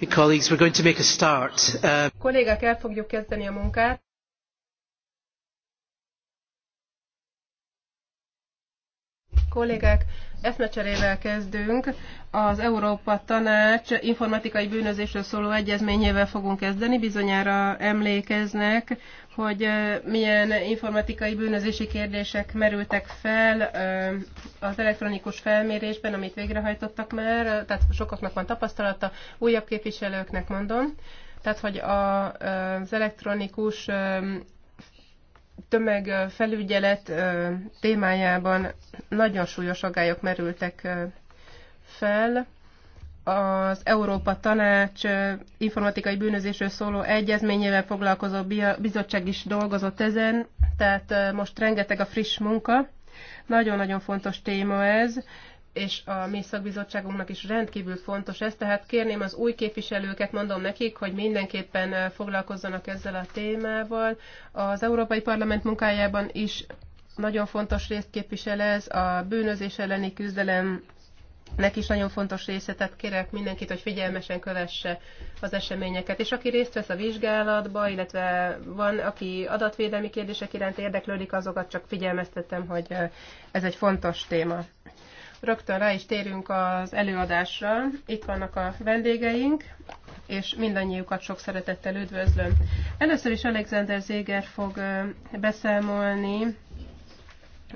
Uh, Kollégák, el fogjuk kezdeni a munkát. kollégák! Eszmecserével kezdünk. Az Európa Tanács informatikai bűnözésről szóló egyezményével fogunk kezdeni. Bizonyára emlékeznek, hogy milyen informatikai bűnözési kérdések merültek fel az elektronikus felmérésben, amit végrehajtottak már, tehát sokaknak van tapasztalata, újabb képviselőknek mondom. Tehát, hogy az elektronikus tömegfelügyelet témájában nagyon súlyos agályok merültek fel. Az Európa Tanács informatikai bűnözésről szóló egyezményével foglalkozó bizottság is dolgozott ezen, tehát most rengeteg a friss munka. Nagyon-nagyon fontos téma ez és a mi szakbizottságunknak is rendkívül fontos ez, tehát kérném az új képviselőket, mondom nekik, hogy mindenképpen eh, foglalkozzanak ezzel a témával. Az Európai Parlament munkájában is nagyon fontos részt képvisel ez, a bűnözés elleni küzdelem nek is nagyon fontos része, tehát kérek mindenkit, hogy figyelmesen kövesse az eseményeket. És aki részt vesz a vizsgálatba, illetve van, aki adatvédelmi kérdések iránt érdeklődik, azokat csak figyelmeztetem, hogy eh, ez egy fontos téma rögtön rá is térünk az előadásra. Itt vannak a vendégeink, és mindannyiukat sok szeretettel üdvözlöm. Először is Alexander Zéger fog beszámolni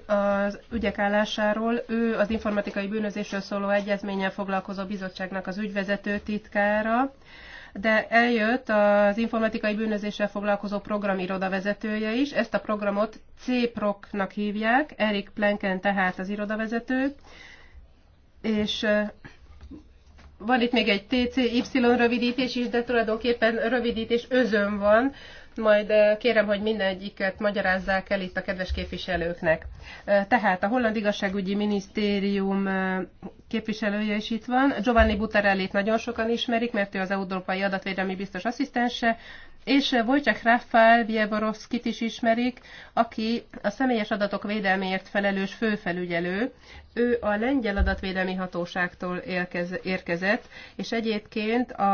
az ügyek állásáról. Ő az informatikai bűnözésről szóló egyezménnyel foglalkozó bizottságnak az ügyvezető titkára, de eljött az informatikai bűnözéssel foglalkozó programiroda vezetője is. Ezt a programot C-Proknak hívják, Erik Plenken tehát az irodavezető, és van itt még egy TCY rövidítés is, de tulajdonképpen rövidítés özön van, majd kérem, hogy mindegyiket magyarázzák el itt a kedves képviselőknek. Tehát a Holland Igazságügyi Minisztérium képviselője is itt van. Giovanni Butarellit nagyon sokan ismerik, mert ő az Európai Adatvédelmi Biztos asszisztense, és eh, Wojciech Rafael Bieborowskit is ismerik, aki a személyes adatok védelméért felelős főfelügyelő. Ő a Lengyel Adatvédelmi Hatóságtól érkezett, és egyébként a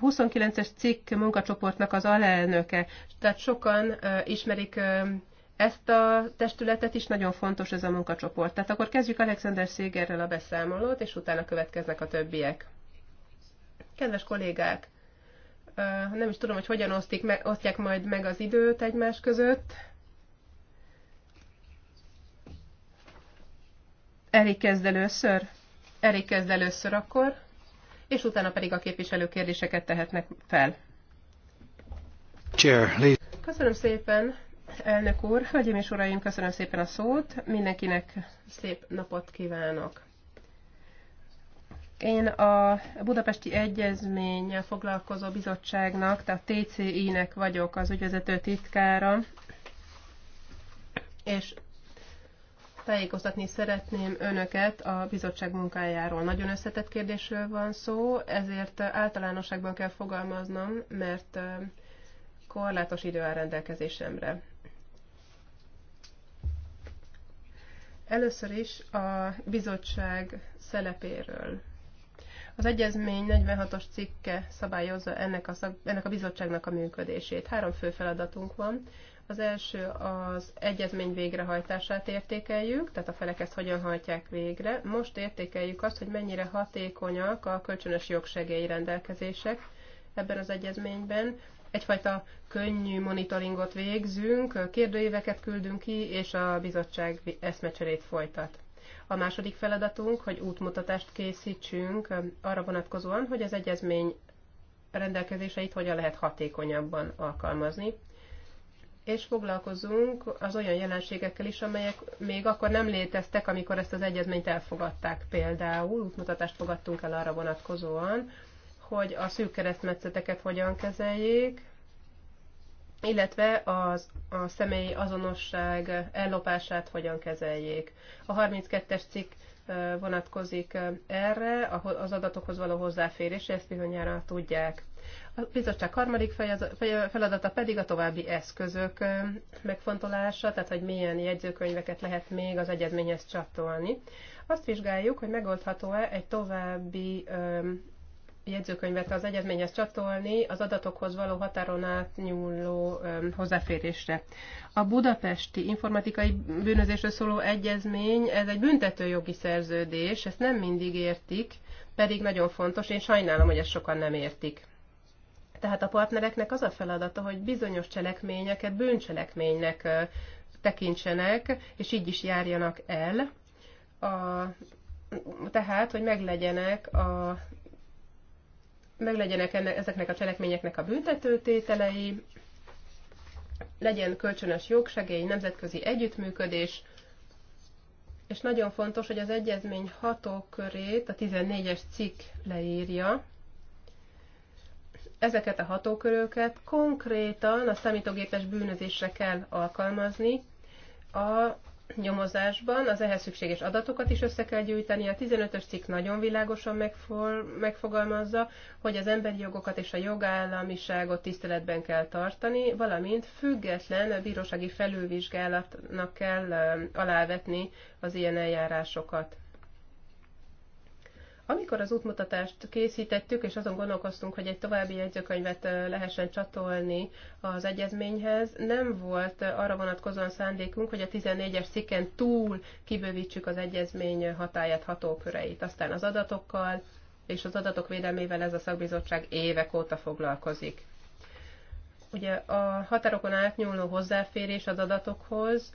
29-es cikk munkacsoportnak az alelnöke. Tehát sokan eh, ismerik eh, ezt a testületet is nagyon fontos ez a munkacsoport. Tehát akkor kezdjük Alexander Szégerrel a beszámolót, és utána következnek a többiek. Kedves kollégák, nem is tudom, hogy hogyan osztik, me, osztják majd meg az időt egymás között. Erik kezd először. Erik kezd először akkor, és utána pedig a képviselő kérdéseket tehetnek fel. Chair, Köszönöm szépen, elnök úr, hölgyeim és uraim, köszönöm szépen a szót, mindenkinek szép napot kívánok. Én a Budapesti Egyezmény foglalkozó bizottságnak, tehát TCI-nek vagyok az ügyvezető titkára, és tájékoztatni szeretném önöket a bizottság munkájáról. Nagyon összetett kérdésről van szó, ezért általánosságban kell fogalmaznom, mert korlátos idő áll rendelkezésemre. Először is a bizottság szerepéről az egyezmény 46-os cikke szabályozza ennek a, szab, ennek a bizottságnak a működését. Három fő feladatunk van. Az első az egyezmény végrehajtását értékeljük, tehát a felek ezt hogyan hajtják végre. Most értékeljük azt, hogy mennyire hatékonyak a kölcsönös jogsegély rendelkezések ebben az egyezményben. Egyfajta könnyű monitoringot végzünk, kérdőíveket küldünk ki, és a bizottság eszmecserét folytat. A második feladatunk, hogy útmutatást készítsünk um, arra vonatkozóan, hogy az egyezmény rendelkezéseit hogyan lehet hatékonyabban alkalmazni, és foglalkozunk az olyan jelenségekkel is, amelyek még akkor nem léteztek, amikor ezt az egyezményt elfogadták. Például útmutatást fogadtunk el arra vonatkozóan, hogy a szűk keresztmetszeteket hogyan kezeljék, illetve az, a személyi azonosság ellopását hogyan kezeljék. A 32-es cikk vonatkozik erre, az adatokhoz való hozzáférés, ezt bizonyára tudják. A bizottság harmadik feladata pedig a további eszközök megfontolása, tehát hogy milyen jegyzőkönyveket lehet még az egyezményhez csatolni. Azt vizsgáljuk, hogy megoldható-e egy további jegyzőkönyvet az egyezményhez csatolni az adatokhoz való határon átnyúló hozzáférésre. A budapesti informatikai bűnözésről szóló egyezmény, ez egy büntetőjogi szerződés, ezt nem mindig értik, pedig nagyon fontos, én sajnálom, hogy ezt sokan nem értik. Tehát a partnereknek az a feladata, hogy bizonyos cselekményeket bűncselekménynek tekintsenek, és így is járjanak el. A, tehát, hogy meglegyenek a meglegyenek ennek, ezeknek a cselekményeknek a büntetőtételei, legyen kölcsönös jogsegély, nemzetközi együttműködés, és nagyon fontos, hogy az egyezmény hatókörét a 14-es cikk leírja. Ezeket a hatóköröket konkrétan a számítógépes bűnözésre kell alkalmazni a nyomozásban az ehhez szükséges adatokat is össze kell gyűjteni. A 15-ös cikk nagyon világosan megfogalmazza, hogy az emberi jogokat és a jogállamiságot tiszteletben kell tartani, valamint független bírósági felülvizsgálatnak kell alávetni az ilyen eljárásokat. Amikor az útmutatást készítettük, és azon gondolkoztunk, hogy egy további jegyzőkönyvet lehessen csatolni az egyezményhez, nem volt arra vonatkozóan szándékunk, hogy a 14-es sziken túl kibővítsük az egyezmény hatáját, hatóköreit. Aztán az adatokkal és az adatok védelmével ez a szakbizottság évek óta foglalkozik. Ugye a határokon átnyúló hozzáférés az adatokhoz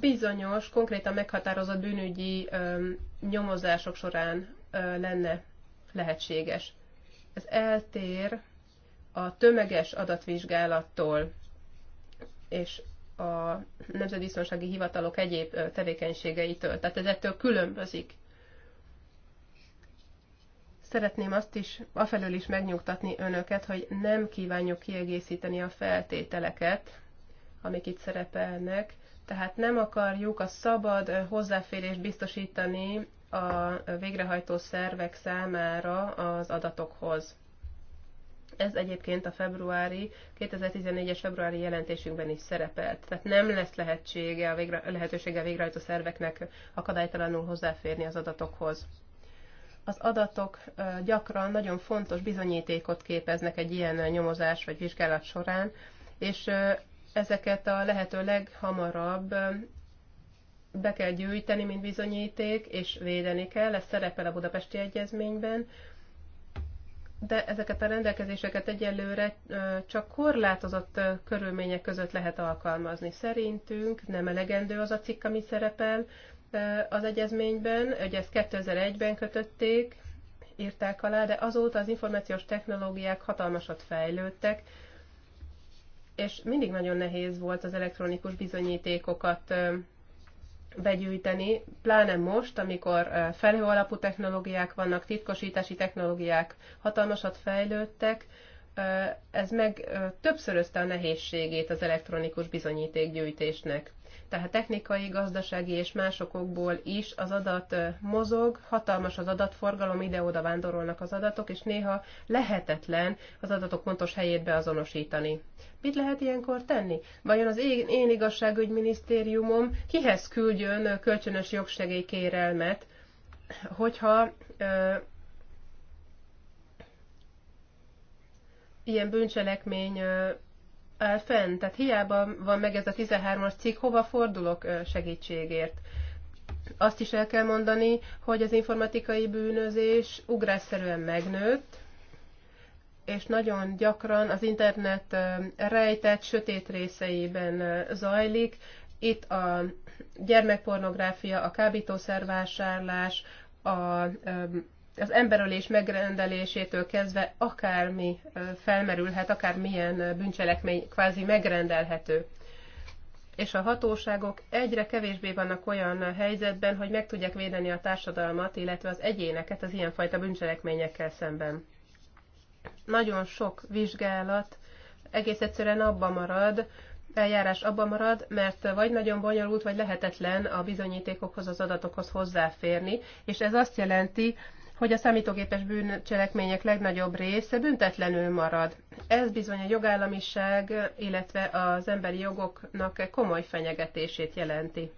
bizonyos, konkrétan meghatározott bűnügyi ö, nyomozások során ö, lenne lehetséges. Ez eltér a tömeges adatvizsgálattól és a nemzetbiztonsági hivatalok egyéb tevékenységeitől. Tehát ez ettől különbözik. Szeretném azt is, afelől is megnyugtatni önöket, hogy nem kívánjuk kiegészíteni a feltételeket, amik itt szerepelnek, tehát nem akarjuk a szabad hozzáférést biztosítani a végrehajtó szervek számára az adatokhoz. Ez egyébként a februári, 2014-es februári jelentésünkben is szerepelt. Tehát nem lesz lehetsége a végre, lehetősége a végrehajtó szerveknek akadálytalanul hozzáférni az adatokhoz. Az adatok gyakran nagyon fontos bizonyítékot képeznek egy ilyen nyomozás vagy vizsgálat során, és ezeket a lehető leghamarabb be kell gyűjteni, mint bizonyíték, és védeni kell, ez szerepel a budapesti egyezményben, de ezeket a rendelkezéseket egyelőre csak korlátozott körülmények között lehet alkalmazni. Szerintünk nem elegendő az a cikk, ami szerepel az egyezményben, hogy ezt 2001-ben kötötték, írták alá, de azóta az információs technológiák hatalmasat fejlődtek, és mindig nagyon nehéz volt az elektronikus bizonyítékokat begyűjteni, pláne most, amikor felhő alapú technológiák vannak, titkosítási technológiák hatalmasat fejlődtek, ez meg többszörözte a nehézségét az elektronikus bizonyítékgyűjtésnek. Tehát technikai, gazdasági és másokból is az adat mozog, hatalmas az adatforgalom, ide-oda vándorolnak az adatok, és néha lehetetlen az adatok pontos helyét beazonosítani. Mit lehet ilyenkor tenni? Vajon az én, én igazságügyminisztériumom kihez küldjön kölcsönös jogsegélykérelmet, hogyha ilyen bűncselekmény áll fenn. Tehát hiába van meg ez a 13-as cikk, hova fordulok segítségért. Azt is el kell mondani, hogy az informatikai bűnözés ugrásszerűen megnőtt, és nagyon gyakran az internet rejtett, sötét részeiben zajlik. Itt a gyermekpornográfia, a kábítószervásárlás, a az emberölés megrendelésétől kezdve akármi felmerülhet, akármilyen bűncselekmény kvázi megrendelhető. És a hatóságok egyre kevésbé vannak olyan helyzetben, hogy meg tudják védeni a társadalmat, illetve az egyéneket az ilyenfajta bűncselekményekkel szemben. Nagyon sok vizsgálat egész egyszerűen abba marad, eljárás abban marad, mert vagy nagyon bonyolult, vagy lehetetlen a bizonyítékokhoz, az adatokhoz hozzáférni, és ez azt jelenti, hogy a számítógépes bűncselekmények legnagyobb része büntetlenül marad. Ez bizony a jogállamiság, illetve az emberi jogoknak komoly fenyegetését jelenti.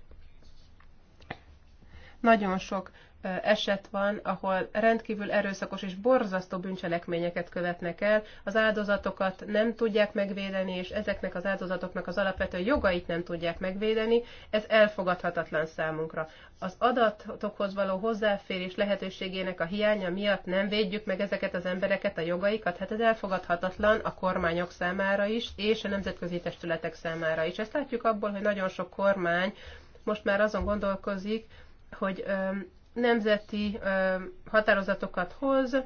Nagyon sok eset van, ahol rendkívül erőszakos és borzasztó bűncselekményeket követnek el, az áldozatokat nem tudják megvédeni, és ezeknek az áldozatoknak az alapvető jogait nem tudják megvédeni, ez elfogadhatatlan számunkra. Az adatokhoz való hozzáférés lehetőségének a hiánya miatt nem védjük meg ezeket az embereket, a jogaikat, hát ez elfogadhatatlan a kormányok számára is, és a nemzetközi testületek számára is. Ezt látjuk abból, hogy nagyon sok kormány most már azon gondolkozik, hogy nemzeti határozatokat hoz,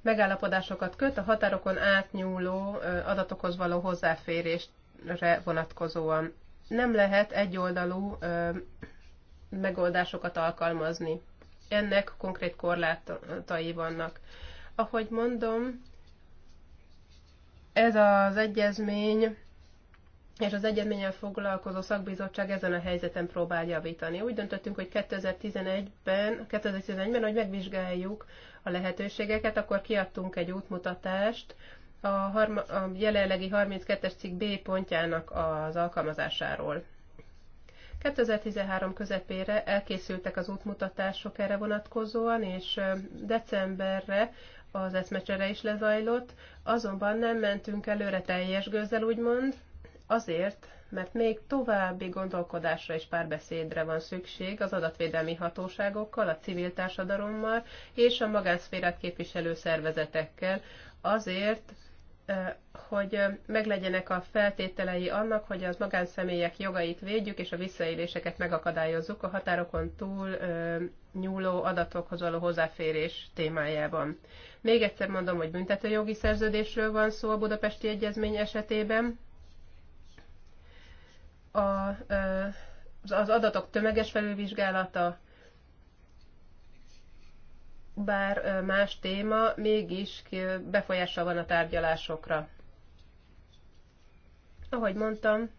megállapodásokat köt a határokon átnyúló adatokhoz való hozzáférésre vonatkozóan. Nem lehet egyoldalú megoldásokat alkalmazni. Ennek konkrét korlátai vannak. Ahogy mondom, ez az egyezmény és az egyedménnyel foglalkozó szakbizottság ezen a helyzeten próbál javítani. Úgy döntöttünk, hogy 2011-ben, 2011-ben, hogy megvizsgáljuk a lehetőségeket, akkor kiadtunk egy útmutatást a, harma, a jelenlegi 32-es cikk B pontjának az alkalmazásáról. 2013 közepére elkészültek az útmutatások erre vonatkozóan, és decemberre az eszmecsere is lezajlott, azonban nem mentünk előre teljes gőzzel, úgymond, Azért, mert még további gondolkodásra és párbeszédre van szükség az adatvédelmi hatóságokkal, a civil társadalommal és a magánszférát képviselő szervezetekkel, azért, hogy meglegyenek a feltételei annak, hogy az magánszemélyek jogait védjük, és a visszaéléseket megakadályozzuk a határokon túl nyúló adatokhoz való hozzáférés témájában. Még egyszer mondom, hogy büntetőjogi szerződésről van szó a budapesti egyezmény esetében, a, az adatok tömeges felülvizsgálata, bár más téma, mégis befolyása van a tárgyalásokra. Ahogy mondtam,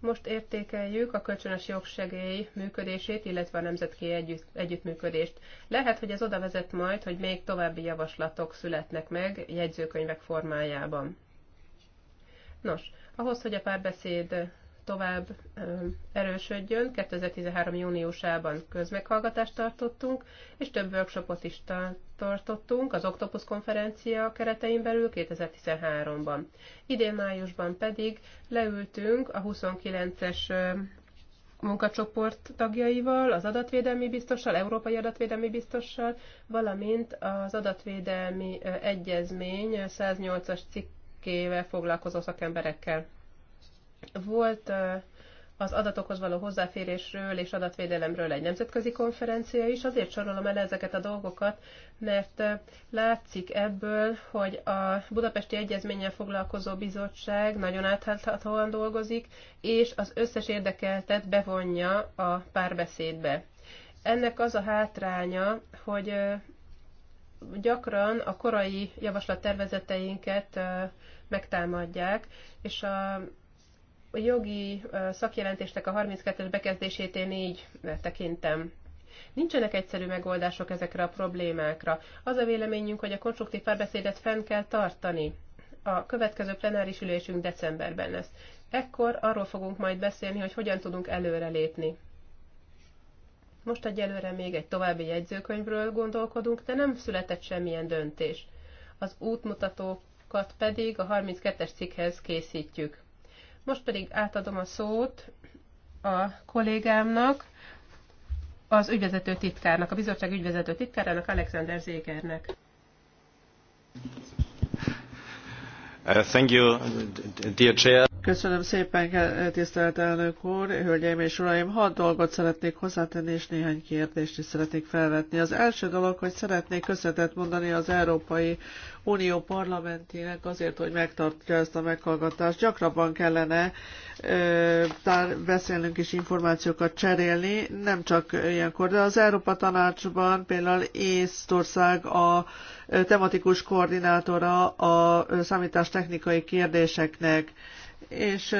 most értékeljük a kölcsönös jogsegély működését, illetve a nemzetki együtt, együttműködést. Lehet, hogy ez oda vezet majd, hogy még további javaslatok születnek meg jegyzőkönyvek formájában. Nos, ahhoz, hogy a párbeszéd tovább erősödjön, 2013. júniusában közmeghallgatást tartottunk, és több workshopot is tartottunk az Octopus konferencia keretein belül 2013-ban. Idén májusban pedig leültünk a 29-es munkacsoport tagjaival, az adatvédelmi biztossal, európai adatvédelmi biztossal, valamint az adatvédelmi egyezmény 108-as cikk kével foglalkozó szakemberekkel. Volt az adatokhoz való hozzáférésről és adatvédelemről egy nemzetközi konferencia is. Azért sorolom el ezeket a dolgokat, mert látszik ebből, hogy a Budapesti Egyezménnyel foglalkozó bizottság nagyon áthatóan dolgozik, és az összes érdekeltet bevonja a párbeszédbe. Ennek az a hátránya, hogy gyakran a korai javaslattervezeteinket megtámadják, és a jogi szakjelentésnek a 32-es bekezdését én így tekintem. Nincsenek egyszerű megoldások ezekre a problémákra. Az a véleményünk, hogy a konstruktív párbeszédet fenn kell tartani. A következő plenáris ülésünk decemberben lesz. Ekkor arról fogunk majd beszélni, hogy hogyan tudunk előrelépni. Most egyelőre még egy további jegyzőkönyvről gondolkodunk, de nem született semmilyen döntés. Az útmutatókat pedig a 32-es cikkhez készítjük. Most pedig átadom a szót a kollégámnak, az ügyvezető titkárnak, a bizottság ügyvezető titkárának, Alexander Zégernek. Uh, Köszönöm szépen, tisztelt elnök úr, hölgyeim és uraim. Hat dolgot szeretnék hozzátenni, és néhány kérdést is szeretnék felvetni. Az első dolog, hogy szeretnék köszönetet mondani az Európai Unió parlamentének azért, hogy megtartja ezt a meghallgatást. Gyakrabban kellene tár, beszélnünk és információkat cserélni, nem csak ilyenkor, de az Európa Tanácsban például Észtország a tematikus koordinátora a számítástechnikai kérdéseknek, és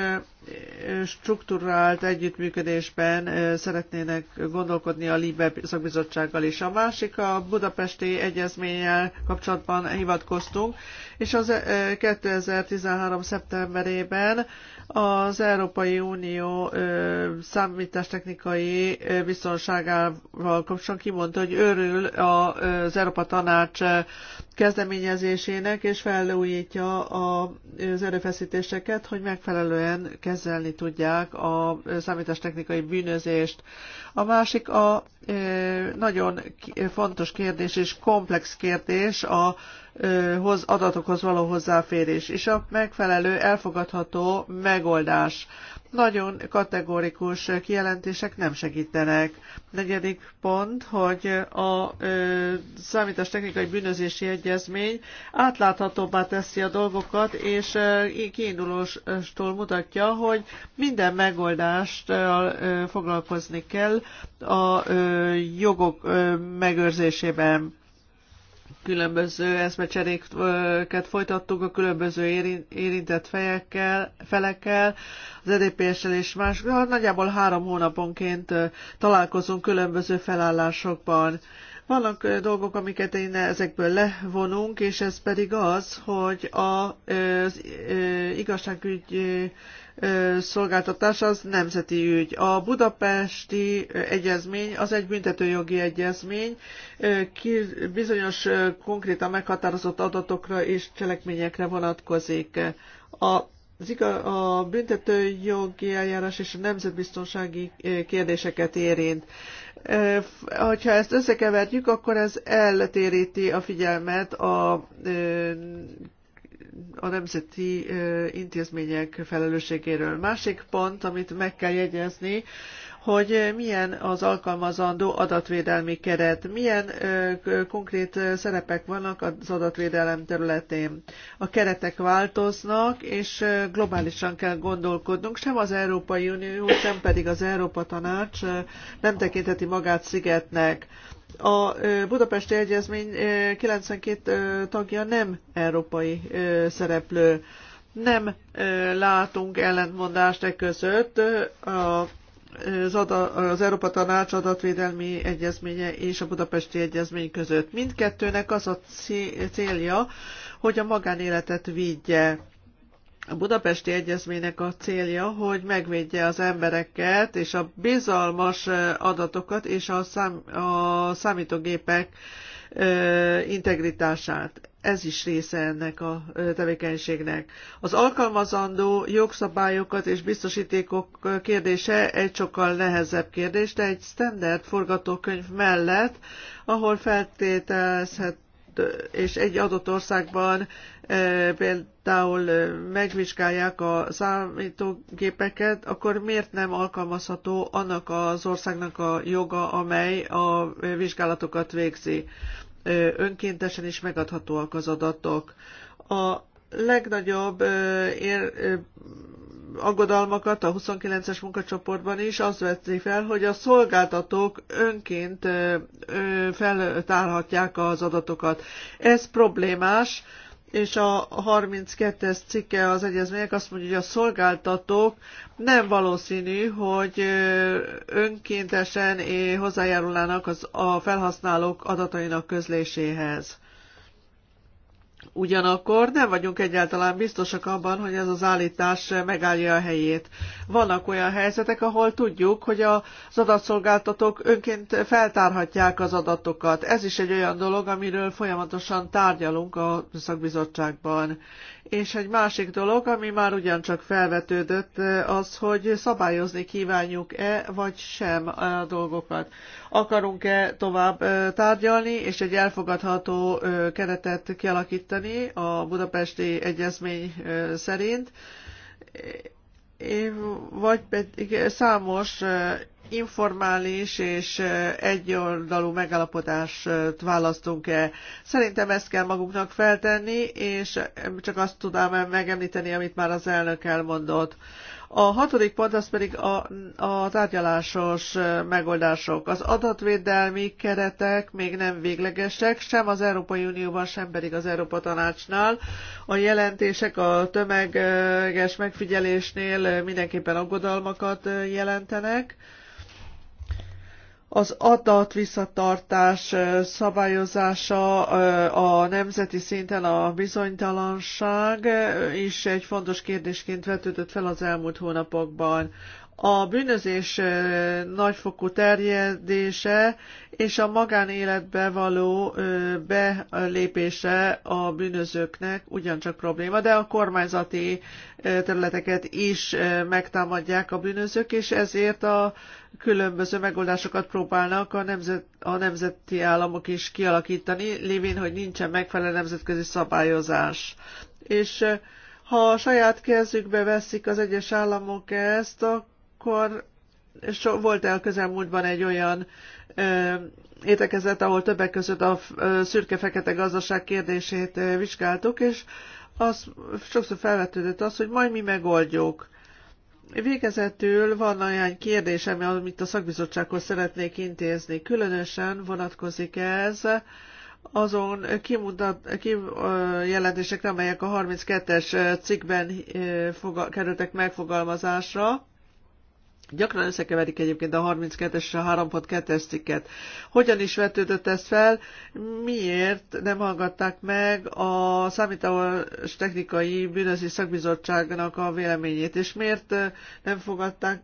strukturált együttműködésben szeretnének gondolkodni a LIBE szakbizottsággal is. A másik a budapesti egyezménnyel kapcsolatban hivatkoztunk, és az 2013. szeptemberében az Európai Unió számítástechnikai biztonságával kapcsolatban kimondta, hogy örül az Európa Tanács kezdeményezésének, és felújítja az erőfeszítéseket, hogy megfelelően kezelni tudják a számítástechnikai bűnözést. A másik a e, nagyon e, fontos kérdés és komplex kérdés a e, hoz, adatokhoz való hozzáférés, és a megfelelő, elfogadható megoldás nagyon kategórikus kijelentések nem segítenek. Negyedik pont, hogy a ö, számítástechnikai bűnözési egyezmény átláthatóbbá teszi a dolgokat, és kiindulóstól mutatja, hogy minden megoldást ö, foglalkozni kell a ö, jogok ö, megőrzésében különböző eszmecseréket folytattunk a különböző érintett fejekkel, felekkel, az EDPS-sel és más. Nagyjából három hónaponként találkozunk különböző felállásokban. Vannak dolgok, amiket én ezekből levonunk, és ez pedig az, hogy az igazságügy szolgáltatás az nemzeti ügy. A budapesti egyezmény az egy büntetőjogi egyezmény, bizonyos konkrétan meghatározott adatokra és cselekményekre vonatkozik. A a büntetőjogi eljárás és a nemzetbiztonsági kérdéseket érint. Ha ezt összekeverjük, akkor ez eltéríti a figyelmet a, a nemzeti intézmények felelősségéről. Másik pont, amit meg kell jegyezni, hogy milyen az alkalmazandó adatvédelmi keret, milyen konkrét szerepek vannak az adatvédelem területén. A keretek változnak, és globálisan kell gondolkodnunk, sem az Európai Unió, sem pedig az Európa Tanács nem tekintheti magát szigetnek. A Budapesti Egyezmény 92 tagja nem európai szereplő. Nem látunk ellentmondást e között. A az, ada, az Európa Tanács adatvédelmi egyezménye és a Budapesti Egyezmény között. Mindkettőnek az a célja, hogy a magánéletet védje. A Budapesti Egyezménynek a célja, hogy megvédje az embereket és a bizalmas adatokat és a, szám, a számítógépek integritását ez is része ennek a tevékenységnek. Az alkalmazandó jogszabályokat és biztosítékok kérdése egy sokkal nehezebb kérdés, de egy standard forgatókönyv mellett, ahol feltételezhet és egy adott országban például megvizsgálják a számítógépeket, akkor miért nem alkalmazható annak az országnak a joga, amely a vizsgálatokat végzi? önkéntesen is megadhatóak az adatok. A legnagyobb ér, aggodalmakat a 29-es munkacsoportban is az veti fel, hogy a szolgáltatók önként feltárhatják az adatokat. Ez problémás, és a 32-es cikke az egyezmények azt mondja, hogy a szolgáltatók nem valószínű, hogy önkéntesen eh, hozzájárulnának az, a felhasználók adatainak közléséhez. Ugyanakkor nem vagyunk egyáltalán biztosak abban, hogy ez az állítás megállja a helyét. Vannak olyan helyzetek, ahol tudjuk, hogy az adatszolgáltatók önként feltárhatják az adatokat. Ez is egy olyan dolog, amiről folyamatosan tárgyalunk a szakbizottságban. És egy másik dolog, ami már ugyancsak felvetődött, az, hogy szabályozni kívánjuk-e vagy sem a dolgokat. Akarunk-e tovább tárgyalni és egy elfogadható keretet kialakítani a budapesti egyezmény szerint, vagy pedig számos informális és egyoldalú megállapodást választunk-e. Szerintem ezt kell magunknak feltenni, és csak azt tudnám megemlíteni, amit már az elnök elmondott. A hatodik pont az pedig a, a tárgyalásos megoldások. Az adatvédelmi keretek még nem véglegesek, sem az Európai Unióban, sem pedig az Európa Tanácsnál. A jelentések a tömeges megfigyelésnél mindenképpen aggodalmakat jelentenek az adatvisszatartás szabályozása a nemzeti szinten a bizonytalanság is egy fontos kérdésként vetődött fel az elmúlt hónapokban a bűnözés nagyfokú terjedése és a magánéletbe való belépése a bűnözőknek ugyancsak probléma, de a kormányzati területeket is megtámadják a bűnözők, és ezért a különböző megoldásokat próbálnak a, nemzet, a nemzeti államok is kialakítani, lévén, hogy nincsen megfelelő nemzetközi szabályozás. És ha a saját kezükbe veszik az egyes államok ezt, akkor akkor so, volt el közelmúltban egy olyan ö, étekezet, ahol többek között a szürke-fekete gazdaság kérdését ö, vizsgáltuk, és az sokszor felvetődött az, hogy majd mi megoldjuk. Végezetül van olyan kérdésem, amit a szakbizottsághoz szeretnék intézni. Különösen vonatkozik ez azon kimutat, kijelentésekre, amelyek a 32-es cikkben kerültek megfogalmazásra Gyakran összekeverik egyébként a 32-es és a 3.2-es cikket. Hogyan is vetődött ez fel? Miért nem hallgatták meg a számítás technikai bűnözi szakbizottságnak a véleményét, és miért eh, nem fogadták,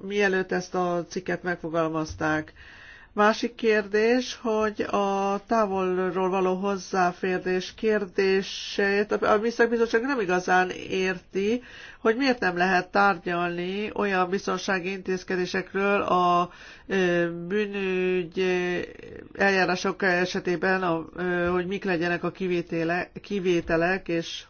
mielőtt ezt a cikket megfogalmazták? Másik kérdés, hogy a távolról való hozzáférés kérdését a Biztonságbizottság nem igazán érti, hogy miért nem lehet tárgyalni olyan biztonsági intézkedésekről a bűnügy eljárások esetében, hogy mik legyenek a kivételek, és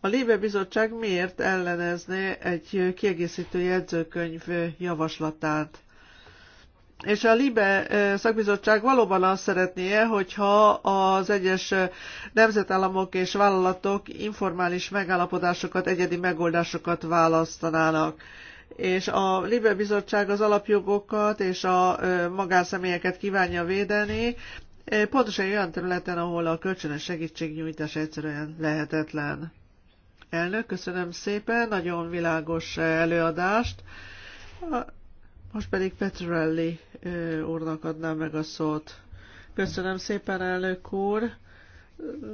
a Lébe Bizottság miért ellenezné egy kiegészítő jegyzőkönyv javaslatát? és a LIBE szakbizottság valóban azt szeretné, hogyha az egyes nemzetállamok és vállalatok informális megállapodásokat, egyedi megoldásokat választanának. És a LIBE bizottság az alapjogokat és a magánszemélyeket kívánja védeni, pontosan olyan területen, ahol a kölcsönös segítségnyújtás egyszerűen lehetetlen. Elnök, köszönöm szépen, nagyon világos előadást. Most pedig Petrelli úrnak adnám meg a szót. Köszönöm szépen, elnök úr!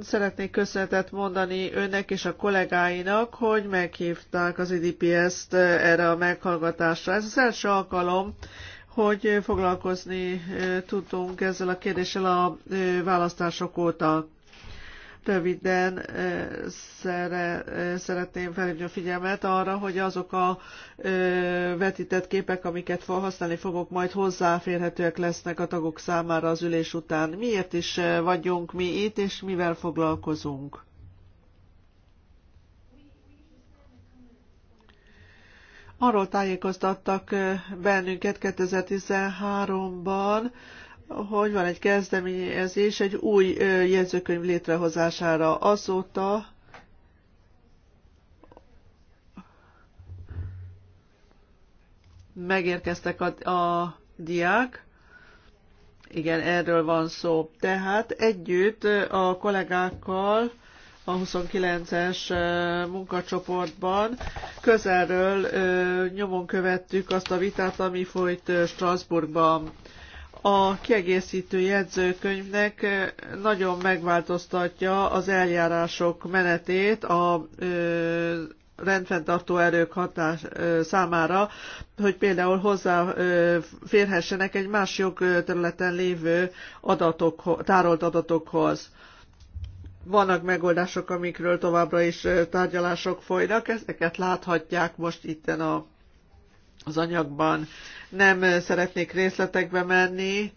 Szeretnék köszönetet mondani önnek és a kollégáinak, hogy meghívták az IDPS-t erre a meghallgatásra. Ez az első alkalom, hogy foglalkozni tudtunk ezzel a kérdéssel a választások óta. Röviden szere, szeretném felhívni a figyelmet arra, hogy azok a vetített képek, amiket használni fogok, majd hozzáférhetőek lesznek a tagok számára az ülés után. Miért is vagyunk mi itt, és mivel foglalkozunk? Arról tájékoztattak bennünket 2013-ban, hogy van egy kezdeményezés egy új jegyzőkönyv létrehozására. Azóta megérkeztek a, a diák, igen, erről van szó. Tehát együtt a kollégákkal a 29-es munkacsoportban közelről nyomon követtük azt a vitát, ami folyt Strasbourgban a kiegészítő jegyzőkönyvnek nagyon megváltoztatja az eljárások menetét a rendfenntartó erők hatás, számára, hogy például hozzáférhessenek egy más jogterületen lévő adatok, tárolt adatokhoz. Vannak megoldások, amikről továbbra is tárgyalások folynak, ezeket láthatják most itten a az anyagban. Nem szeretnék részletekbe menni,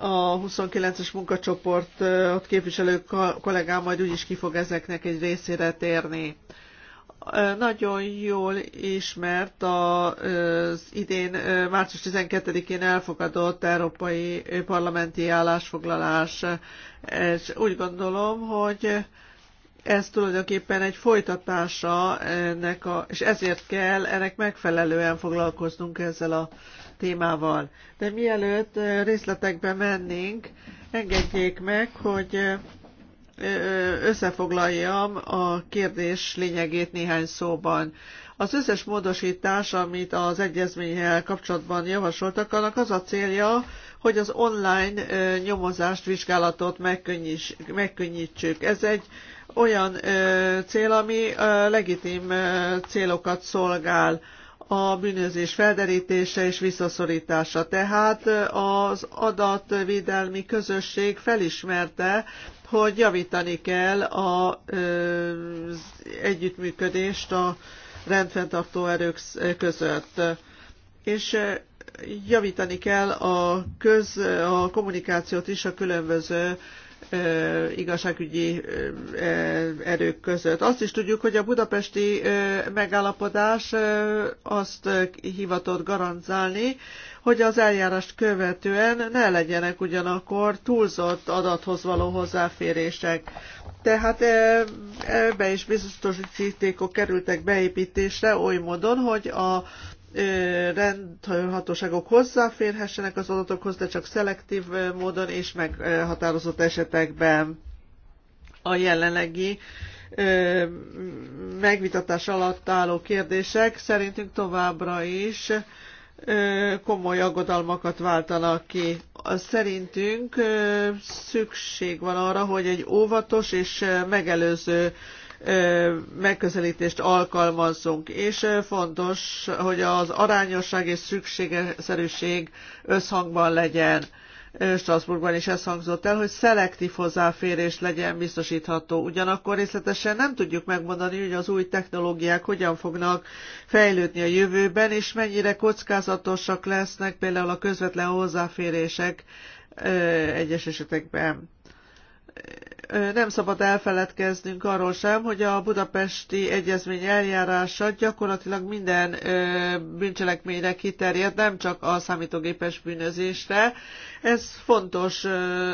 a 29-es munkacsoport ott képviselő kollégám majd úgyis ki fog ezeknek egy részére térni. Nagyon jól ismert az idén március 12-én elfogadott európai parlamenti állásfoglalás, és úgy gondolom, hogy ez tulajdonképpen egy folytatása ennek a, és ezért kell ennek megfelelően foglalkoznunk ezzel a témával. De mielőtt részletekbe mennénk, engedjék meg, hogy összefoglaljam a kérdés lényegét néhány szóban. Az összes módosítás, amit az egyezményhez kapcsolatban javasoltak, annak az a célja, hogy az online nyomozást, vizsgálatot megkönnyítsük. Ez egy olyan cél, ami legitim célokat szolgál a bűnözés felderítése és visszaszorítása. Tehát az adatvédelmi közösség felismerte, hogy javítani kell az együttműködést a rendfenntartó erők között. És javítani kell a, köz, a kommunikációt is a különböző igazságügyi erők között. Azt is tudjuk, hogy a budapesti megállapodás azt hivatott garantálni, hogy az eljárást követően ne legyenek ugyanakkor túlzott adathoz való hozzáférések. Tehát ebbe is biztosítékok kerültek beépítésre oly módon, hogy a rendhatóságok hozzáférhessenek az adatokhoz, de csak szelektív módon és meghatározott esetekben a jelenlegi megvitatás alatt álló kérdések szerintünk továbbra is komoly aggodalmakat váltanak ki. Szerintünk szükség van arra, hogy egy óvatos és megelőző megközelítést alkalmazzunk, és fontos, hogy az arányosság és szükségszerűség összhangban legyen. Strasbourgban is ez hangzott el, hogy szelektív hozzáférés legyen biztosítható. Ugyanakkor részletesen nem tudjuk megmondani, hogy az új technológiák hogyan fognak fejlődni a jövőben, és mennyire kockázatosak lesznek például a közvetlen hozzáférések egyes esetekben nem szabad elfeledkeznünk arról sem, hogy a budapesti egyezmény eljárása gyakorlatilag minden bűncselekményre kiterjed, nem csak a számítógépes bűnözésre. Ez fontos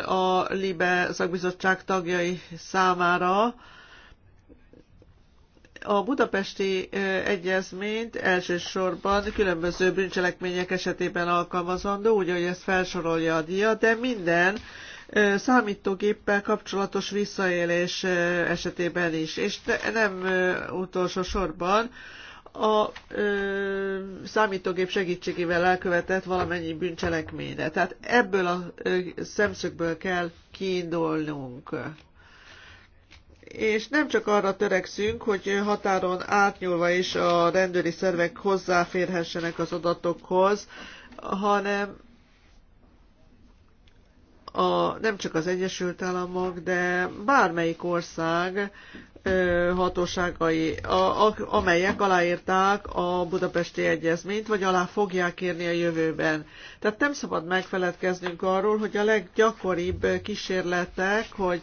a LIBE szakbizottság tagjai számára. A budapesti egyezményt elsősorban különböző bűncselekmények esetében alkalmazandó, úgy, hogy ezt felsorolja a dia, de minden számítógéppel kapcsolatos visszaélés esetében is. És nem utolsó sorban a számítógép segítségével elkövetett valamennyi bűncselekményre. Tehát ebből a szemszögből kell kiindulnunk. És nem csak arra törekszünk, hogy határon átnyúlva is a rendőri szervek hozzáférhessenek az adatokhoz, hanem a, nem csak az Egyesült Államok, de bármelyik ország ö, hatóságai, a, a, amelyek aláírták a budapesti egyezményt, vagy alá fogják írni a jövőben. Tehát nem szabad megfeledkeznünk arról, hogy a leggyakoribb kísérletek, hogy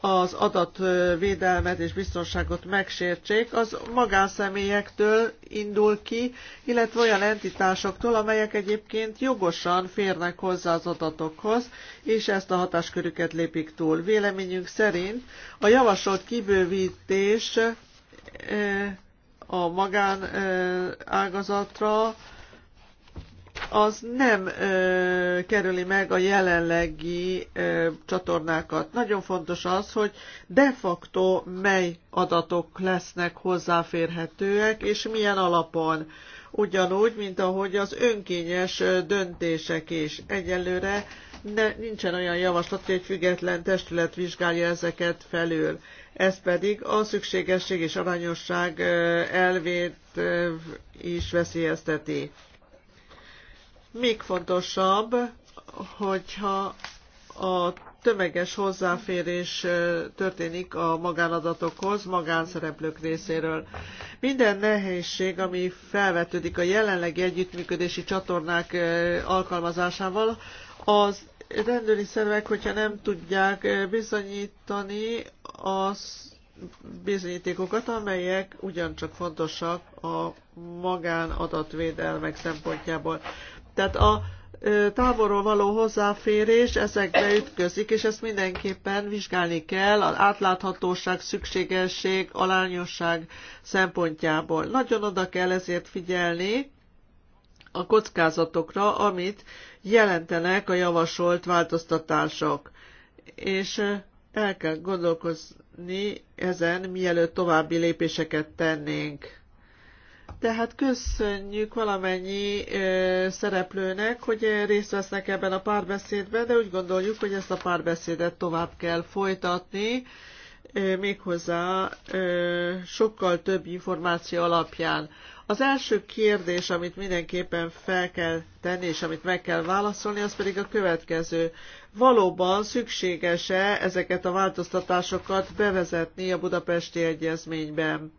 az adatvédelmet és biztonságot megsértsék, az magánszemélyektől indul ki, illetve olyan entitásoktól, amelyek egyébként jogosan férnek hozzá az adatokhoz, és ezt a hatáskörüket lépik túl. Véleményünk szerint a javasolt kibővítés eh, a magánágazatra, az nem ö, kerüli meg a jelenlegi ö, csatornákat. Nagyon fontos az, hogy de facto mely adatok lesznek hozzáférhetőek, és milyen alapon. Ugyanúgy, mint ahogy az önkényes döntések is. Egyelőre ne, nincsen olyan javaslat, hogy egy független testület vizsgálja ezeket felül. Ez pedig a szükségesség és arányosság elvét is veszélyezteti. Még fontosabb, hogyha a tömeges hozzáférés történik a magánadatokhoz magánszereplők részéről. Minden nehézség, ami felvetődik a jelenlegi együttműködési csatornák alkalmazásával, az rendőri szervek, hogyha nem tudják bizonyítani az bizonyítékokat, amelyek ugyancsak fontosak a magánadatvédelmek szempontjából. Tehát a távolról való hozzáférés ezekbe ütközik, és ezt mindenképpen vizsgálni kell az átláthatóság, szükségesség, alányosság szempontjából. Nagyon oda kell ezért figyelni a kockázatokra, amit jelentenek a javasolt változtatások. És el kell gondolkozni ezen, mielőtt további lépéseket tennénk tehát köszönjük valamennyi ö, szereplőnek, hogy részt vesznek ebben a párbeszédben, de úgy gondoljuk, hogy ezt a párbeszédet tovább kell folytatni, ö, méghozzá ö, sokkal több információ alapján. Az első kérdés, amit mindenképpen fel kell tenni, és amit meg kell válaszolni, az pedig a következő. Valóban szükséges-e ezeket a változtatásokat bevezetni a budapesti egyezményben?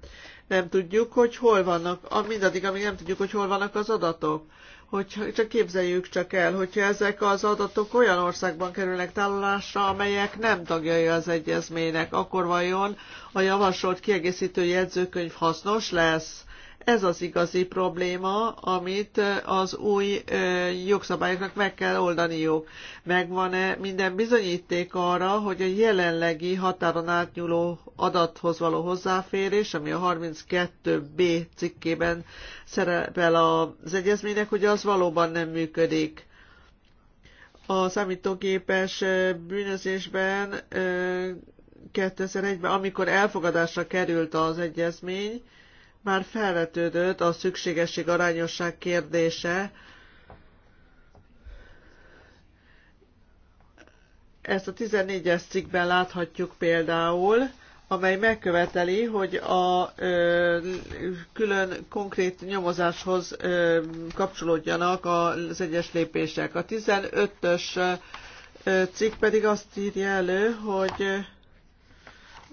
nem tudjuk, hogy hol vannak, mindaddig, amíg nem tudjuk, hogy hol vannak az adatok. Hogy csak képzeljük csak el, hogyha ezek az adatok olyan országban kerülnek tálalásra, amelyek nem tagjai az egyezménynek, akkor vajon a javasolt kiegészítő jegyzőkönyv hasznos lesz? Ez az igazi probléma, amit az új jogszabályoknak meg kell oldaniuk. Megvan-e minden bizonyíték arra, hogy a jelenlegi határon átnyúló adathoz való hozzáférés, ami a 32b cikkében szerepel az egyezménynek, hogy az valóban nem működik a számítógépes bűnözésben 2001-ben, amikor elfogadásra került az egyezmény, már felvetődött a szükségesség arányosság kérdése. Ezt a 14-es cikkben láthatjuk például, amely megköveteli, hogy a ö, külön konkrét nyomozáshoz ö, kapcsolódjanak az egyes lépések. A 15-ös cikk pedig azt írja elő, hogy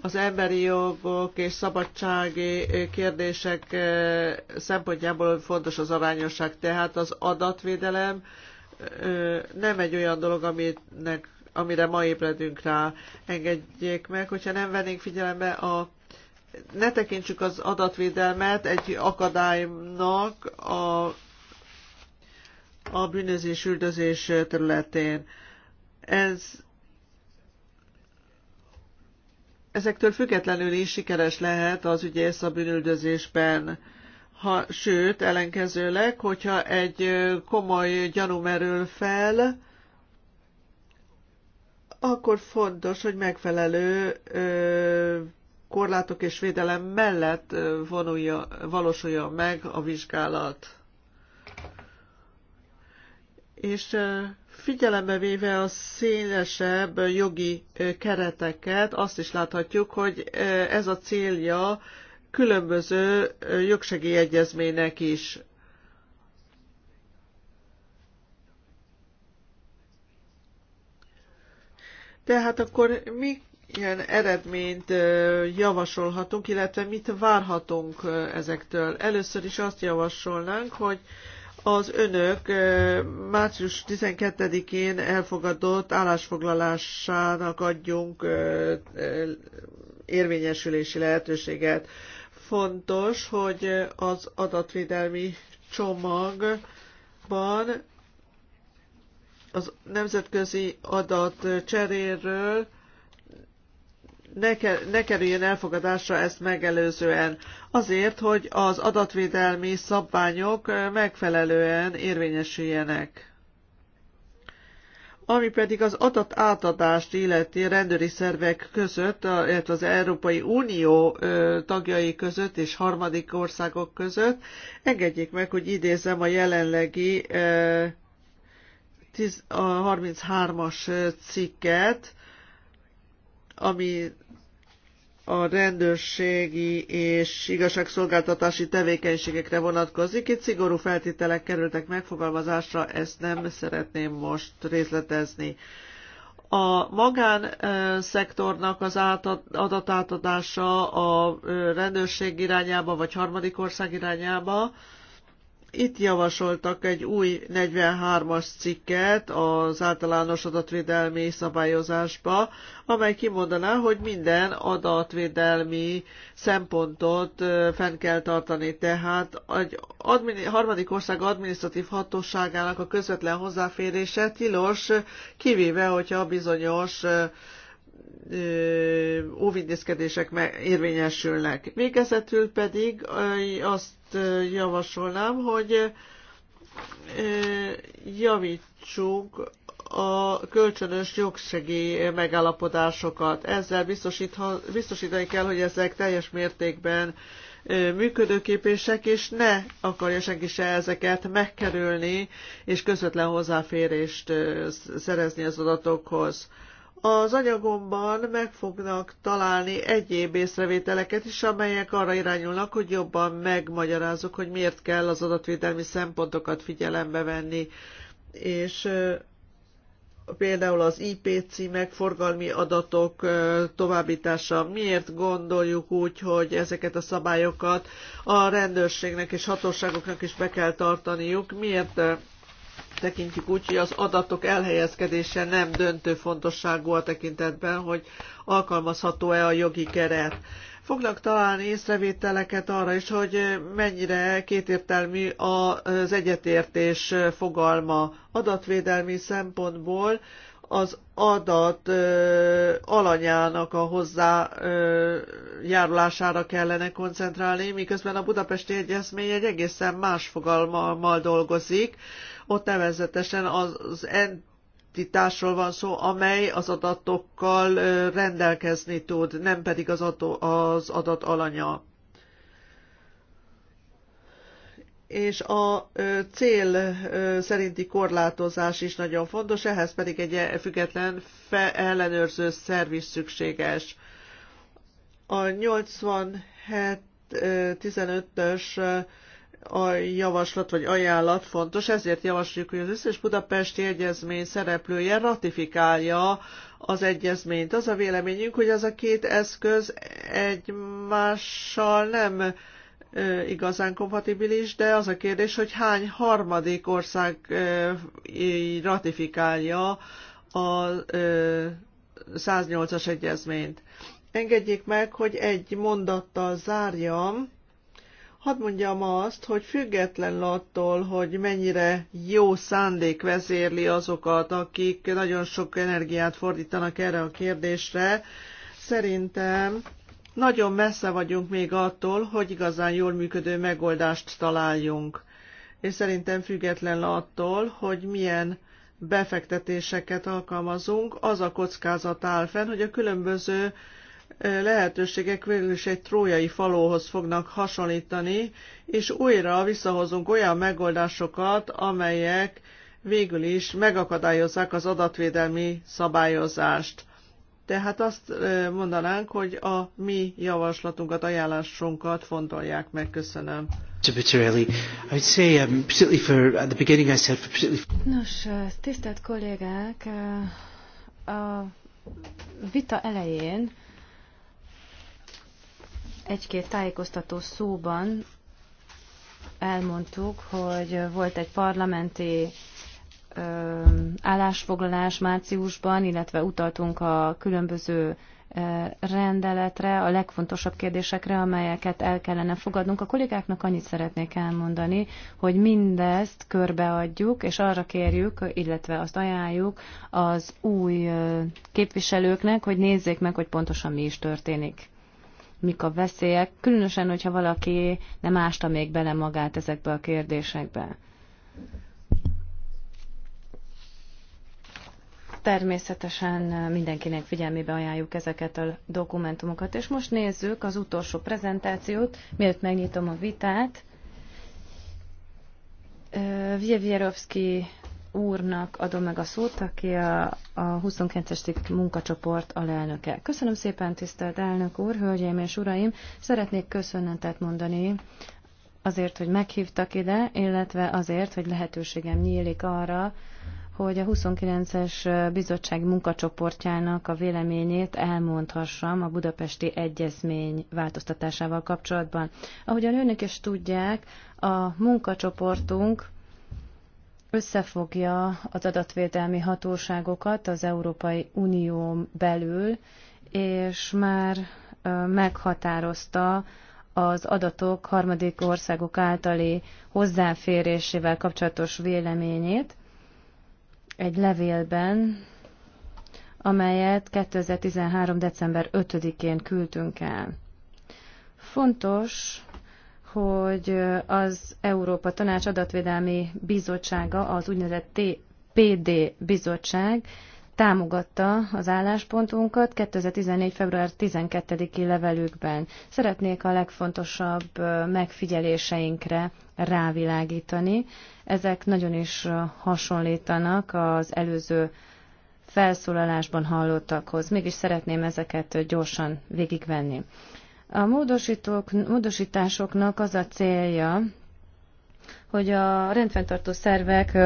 az emberi jogok és szabadsági kérdések eh, szempontjából fontos az arányosság. Tehát az adatvédelem eh, nem egy olyan dolog, aminek, amire ma ébredünk rá. Engedjék meg, hogyha nem vennénk figyelembe a ne tekintsük az adatvédelmet egy akadálynak a, a bűnözés üldözés területén. Ez ezektől függetlenül is sikeres lehet az ügyész a bűnüldözésben. Ha, sőt, ellenkezőleg, hogyha egy komoly gyanú merül fel, akkor fontos, hogy megfelelő ö, korlátok és védelem mellett vonulja, valósuljon meg a vizsgálat és figyelembe véve a szélesebb jogi kereteket, azt is láthatjuk, hogy ez a célja különböző jogsegélyegyezménynek is. Tehát akkor mi ilyen eredményt javasolhatunk, illetve mit várhatunk ezektől? Először is azt javasolnánk, hogy az önök március 12-én elfogadott állásfoglalásának adjunk érvényesülési lehetőséget. Fontos, hogy az adatvédelmi csomagban az nemzetközi adatcseréről ne, ke, ne kerüljön elfogadásra ezt megelőzően, azért, hogy az adatvédelmi szabványok megfelelően érvényesüljenek. Ami pedig az adat átadást illeti rendőri szervek között, illetve az Európai Unió tagjai között és harmadik országok között, engedjék meg, hogy idézem a jelenlegi 33-as cikket, ami a rendőrségi és igazságszolgáltatási tevékenységekre vonatkozik. Itt szigorú feltételek kerültek megfogalmazásra, ezt nem szeretném most részletezni. A magánszektornak az adatátadása a rendőrség irányába vagy harmadik ország irányába itt javasoltak egy új 43-as cikket az általános adatvédelmi szabályozásba, amely kimondaná, hogy minden adatvédelmi szempontot fenn kell tartani. Tehát egy harmadik ország adminisztratív hatóságának a közvetlen hozzáférése tilos, kivéve, hogyha bizonyos óvintézkedések érvényesülnek. Végezetül pedig azt javasolnám, hogy javítsunk a kölcsönös jogsegély megállapodásokat. Ezzel biztosítani kell, hogy ezek teljes mértékben működőképések, és ne akarja senki se ezeket megkerülni, és közvetlen hozzáférést szerezni az adatokhoz. Az anyagomban meg fognak találni egyéb észrevételeket is, amelyek arra irányulnak, hogy jobban megmagyarázzuk, hogy miért kell az adatvédelmi szempontokat figyelembe venni, és például az IP címek, forgalmi adatok továbbítása. Miért gondoljuk úgy, hogy ezeket a szabályokat a rendőrségnek és hatóságoknak is be kell tartaniuk? Miért tekintjük úgy, hogy az adatok elhelyezkedése nem döntő fontosságú a tekintetben, hogy alkalmazható-e a jogi keret. Fognak találni észrevételeket arra is, hogy mennyire kétértelmű az egyetértés fogalma adatvédelmi szempontból, az adat ö, alanyának a hozzájárulására kellene koncentrálni, miközben a budapesti egyezmény egy egészen más fogalmal dolgozik, ott nevezetesen az, entitásról van szó, amely az adatokkal rendelkezni tud, nem pedig az, adat, az adat alanya és a cél szerinti korlátozás is nagyon fontos, ehhez pedig egy független ellenőrző szerviz szükséges. A 87 15-ös a javaslat vagy ajánlat fontos, ezért javasljuk, hogy az összes budapesti egyezmény szereplője ratifikálja az egyezményt. Az a véleményünk, hogy ez a két eszköz egymással nem igazán kompatibilis, de az a kérdés, hogy hány harmadik ország ratifikálja a 108-as egyezményt. Engedjék meg, hogy egy mondattal zárjam Hadd mondjam azt, hogy független attól, hogy mennyire jó szándék vezérli azokat, akik nagyon sok energiát fordítanak erre a kérdésre, szerintem nagyon messze vagyunk még attól, hogy igazán jól működő megoldást találjunk. És szerintem független attól, hogy milyen befektetéseket alkalmazunk, az a kockázat áll fenn, hogy a különböző lehetőségek végül is egy trójai falóhoz fognak hasonlítani, és újra visszahozunk olyan megoldásokat, amelyek végül is megakadályozzák az adatvédelmi szabályozást. Tehát azt mondanánk, hogy a mi javaslatunkat, ajánlásunkat fontolják meg. Köszönöm. Nos, tisztelt kollégák, a vita elején egy-két tájékoztató szóban elmondtuk, hogy volt egy parlamenti ö, állásfoglalás márciusban, illetve utaltunk a különböző rendeletre, a legfontosabb kérdésekre, amelyeket el kellene fogadnunk. A kollégáknak annyit szeretnék elmondani, hogy mindezt körbeadjuk, és arra kérjük, illetve azt ajánljuk az új képviselőknek, hogy nézzék meg, hogy pontosan mi is történik mik a veszélyek, különösen, hogyha valaki nem ásta még bele magát ezekbe a kérdésekbe. Természetesen mindenkinek figyelmébe ajánljuk ezeket a dokumentumokat, és most nézzük az utolsó prezentációt, mielőtt megnyitom a vitát. Wiewierowski úrnak adom meg a szót, aki a, a 29-es munkacsoport alelnöke. Köszönöm szépen, tisztelt elnök úr, hölgyeim és uraim! Szeretnék köszönetet mondani azért, hogy meghívtak ide, illetve azért, hogy lehetőségem nyílik arra, hogy a 29-es bizottság munkacsoportjának a véleményét elmondhassam a budapesti egyezmény változtatásával kapcsolatban. Ahogyan önök is tudják, a munkacsoportunk összefogja az adatvédelmi hatóságokat az Európai Unión belül, és már meghatározta az adatok harmadik országok általi hozzáférésével kapcsolatos véleményét egy levélben, amelyet 2013. december 5-én küldtünk el. Fontos, hogy az Európa Tanács Adatvédelmi Bizottsága, az úgynevezett PD bizottság támogatta az álláspontunkat 2014. február 12-i levelükben. Szeretnék a legfontosabb megfigyeléseinkre rávilágítani. Ezek nagyon is hasonlítanak az előző felszólalásban hallottakhoz. Mégis szeretném ezeket gyorsan végigvenni. A módosítók, módosításoknak az a célja, hogy a rendfenntartó szervek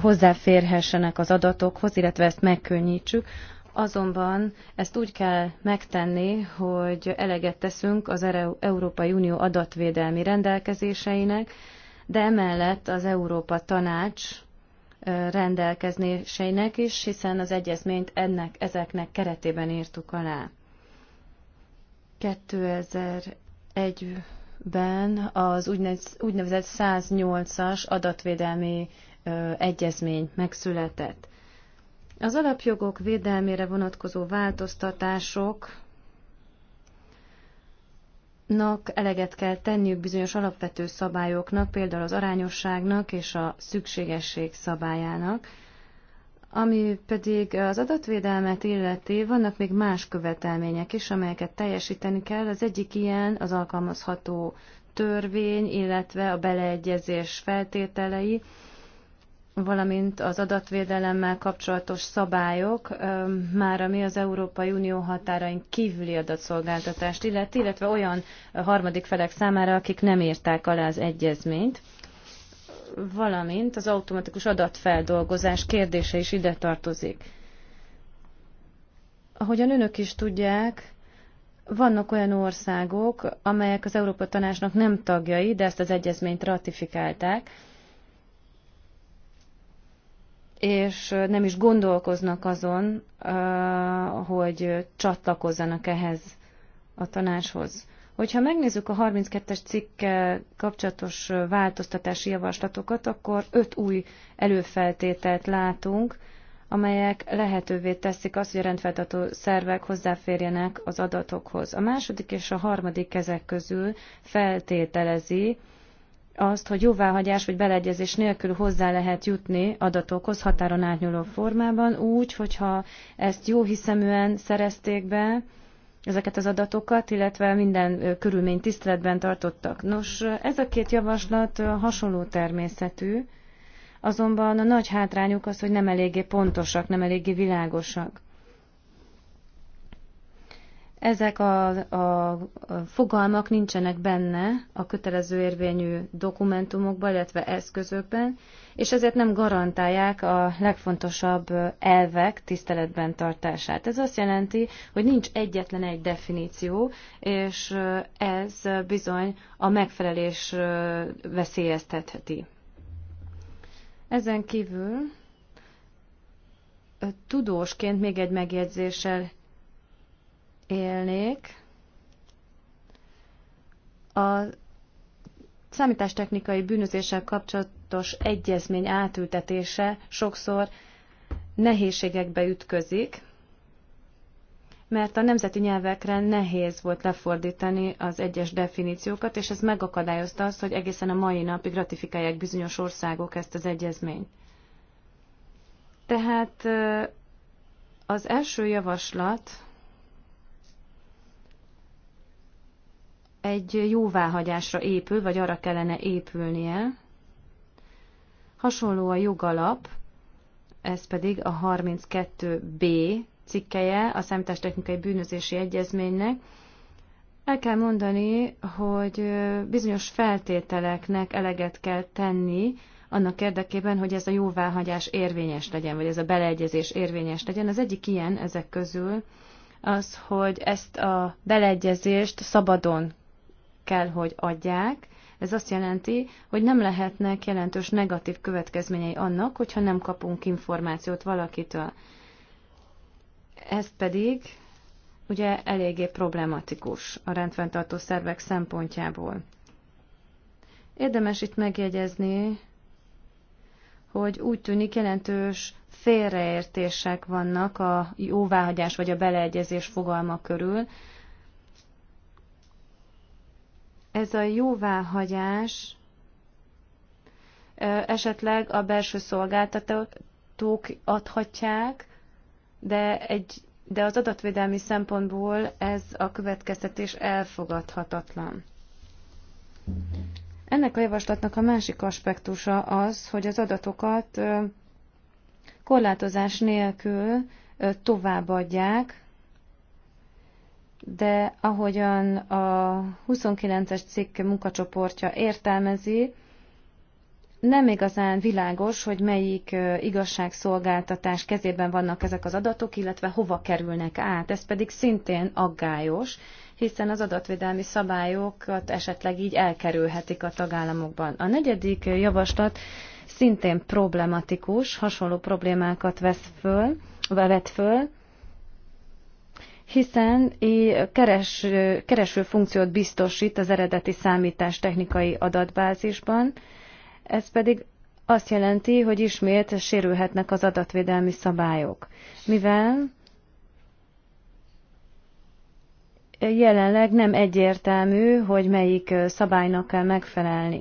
hozzáférhessenek az adatokhoz, illetve ezt megkönnyítsük. Azonban ezt úgy kell megtenni, hogy eleget teszünk az Európai Unió adatvédelmi rendelkezéseinek, de emellett az Európa Tanács rendelkezéseinek is, hiszen az egyezményt ennek, ezeknek keretében írtuk alá. 2001-ben az úgynevezett 108-as adatvédelmi egyezmény megszületett. Az alapjogok védelmére vonatkozó változtatások eleget kell tenniük bizonyos alapvető szabályoknak, például az arányosságnak és a szükségesség szabályának, ami pedig az adatvédelmet illeti, vannak még más követelmények is, amelyeket teljesíteni kell. Az egyik ilyen az alkalmazható törvény, illetve a beleegyezés feltételei, valamint az adatvédelemmel kapcsolatos szabályok, már ami az Európai Unió határain kívüli adatszolgáltatást illeti, illetve olyan harmadik felek számára, akik nem írták alá az egyezményt valamint az automatikus adatfeldolgozás kérdése is ide tartozik. Ahogyan önök is tudják, vannak olyan országok, amelyek az Európa Tanácsnak nem tagjai, de ezt az egyezményt ratifikálták, és nem is gondolkoznak azon, hogy csatlakozzanak ehhez a tanácshoz. Hogyha megnézzük a 32-es cikkel kapcsolatos változtatási javaslatokat, akkor öt új előfeltételt látunk, amelyek lehetővé teszik azt, hogy a rendfeltató szervek hozzáférjenek az adatokhoz. A második és a harmadik kezek közül feltételezi azt, hogy jóváhagyás vagy beleegyezés nélkül hozzá lehet jutni adatokhoz határon átnyúló formában, úgy, hogyha ezt jó hiszeműen szerezték be, ezeket az adatokat, illetve minden körülmény tiszteletben tartottak. Nos, ez a két javaslat hasonló természetű, azonban a nagy hátrányuk az, hogy nem eléggé pontosak, nem eléggé világosak. Ezek a, a, a fogalmak nincsenek benne a kötelező érvényű dokumentumokban, illetve eszközökben, és ezért nem garantálják a legfontosabb elvek tiszteletben tartását. Ez azt jelenti, hogy nincs egyetlen egy definíció, és ez bizony a megfelelés veszélyeztetheti. Ezen kívül tudósként még egy megjegyzéssel élnék. A számítástechnikai bűnözéssel kapcsolatos egyezmény átültetése sokszor nehézségekbe ütközik, mert a nemzeti nyelvekre nehéz volt lefordítani az egyes definíciókat, és ez megakadályozta azt, hogy egészen a mai napig ratifikálják bizonyos országok ezt az egyezményt. Tehát az első javaslat egy jóváhagyásra épül, vagy arra kellene épülnie. Hasonló a jogalap, ez pedig a 32b cikkeje a szemtestechnikai bűnözési egyezménynek. El kell mondani, hogy bizonyos feltételeknek eleget kell tenni annak érdekében, hogy ez a jóváhagyás érvényes legyen, vagy ez a beleegyezés érvényes legyen. Az egyik ilyen ezek közül az, hogy ezt a beleegyezést szabadon kell, hogy adják. Ez azt jelenti, hogy nem lehetnek jelentős negatív következményei annak, hogyha nem kapunk információt valakitől. Ez pedig ugye eléggé problematikus a rendfenntartó szervek szempontjából. Érdemes itt megjegyezni, hogy úgy tűnik jelentős félreértések vannak a jóváhagyás vagy a beleegyezés fogalma körül, ez a jóváhagyás esetleg a belső szolgáltatók adhatják, de, egy, de az adatvédelmi szempontból ez a következtetés elfogadhatatlan. Ennek a javaslatnak a másik aspektusa az, hogy az adatokat korlátozás nélkül továbbadják de ahogyan a 29-es cikk munkacsoportja értelmezi, nem igazán világos, hogy melyik igazságszolgáltatás kezében vannak ezek az adatok, illetve hova kerülnek át. Ez pedig szintén aggályos, hiszen az adatvédelmi szabályokat esetleg így elkerülhetik a tagállamokban. A negyedik javaslat szintén problematikus, hasonló problémákat vesz föl, vett föl, hiszen keres, kereső funkciót biztosít az eredeti számítás technikai adatbázisban, ez pedig azt jelenti, hogy ismét sérülhetnek az adatvédelmi szabályok, mivel jelenleg nem egyértelmű, hogy melyik szabálynak kell megfelelni.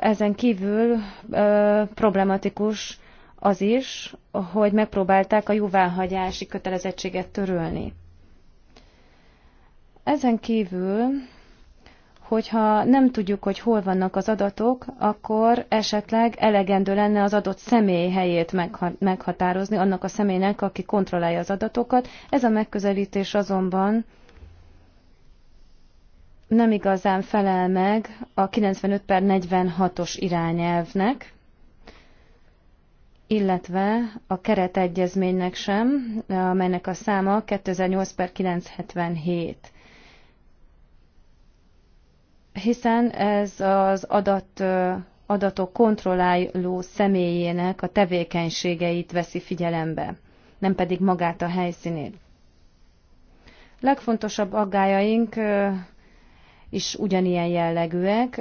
Ezen kívül problematikus az is, hogy megpróbálták a jóváhagyási kötelezettséget törölni. Ezen kívül, hogyha nem tudjuk, hogy hol vannak az adatok, akkor esetleg elegendő lenne az adott személy helyét meghatározni, annak a személynek, aki kontrollálja az adatokat. Ez a megközelítés azonban nem igazán felel meg a 95 per 46-os irányelvnek, illetve a keretegyezménynek sem, amelynek a száma 2008 per 977. Hiszen ez az adat, adatok kontrolláló személyének a tevékenységeit veszi figyelembe, nem pedig magát a helyszínét. Legfontosabb aggájaink is ugyanilyen jellegűek.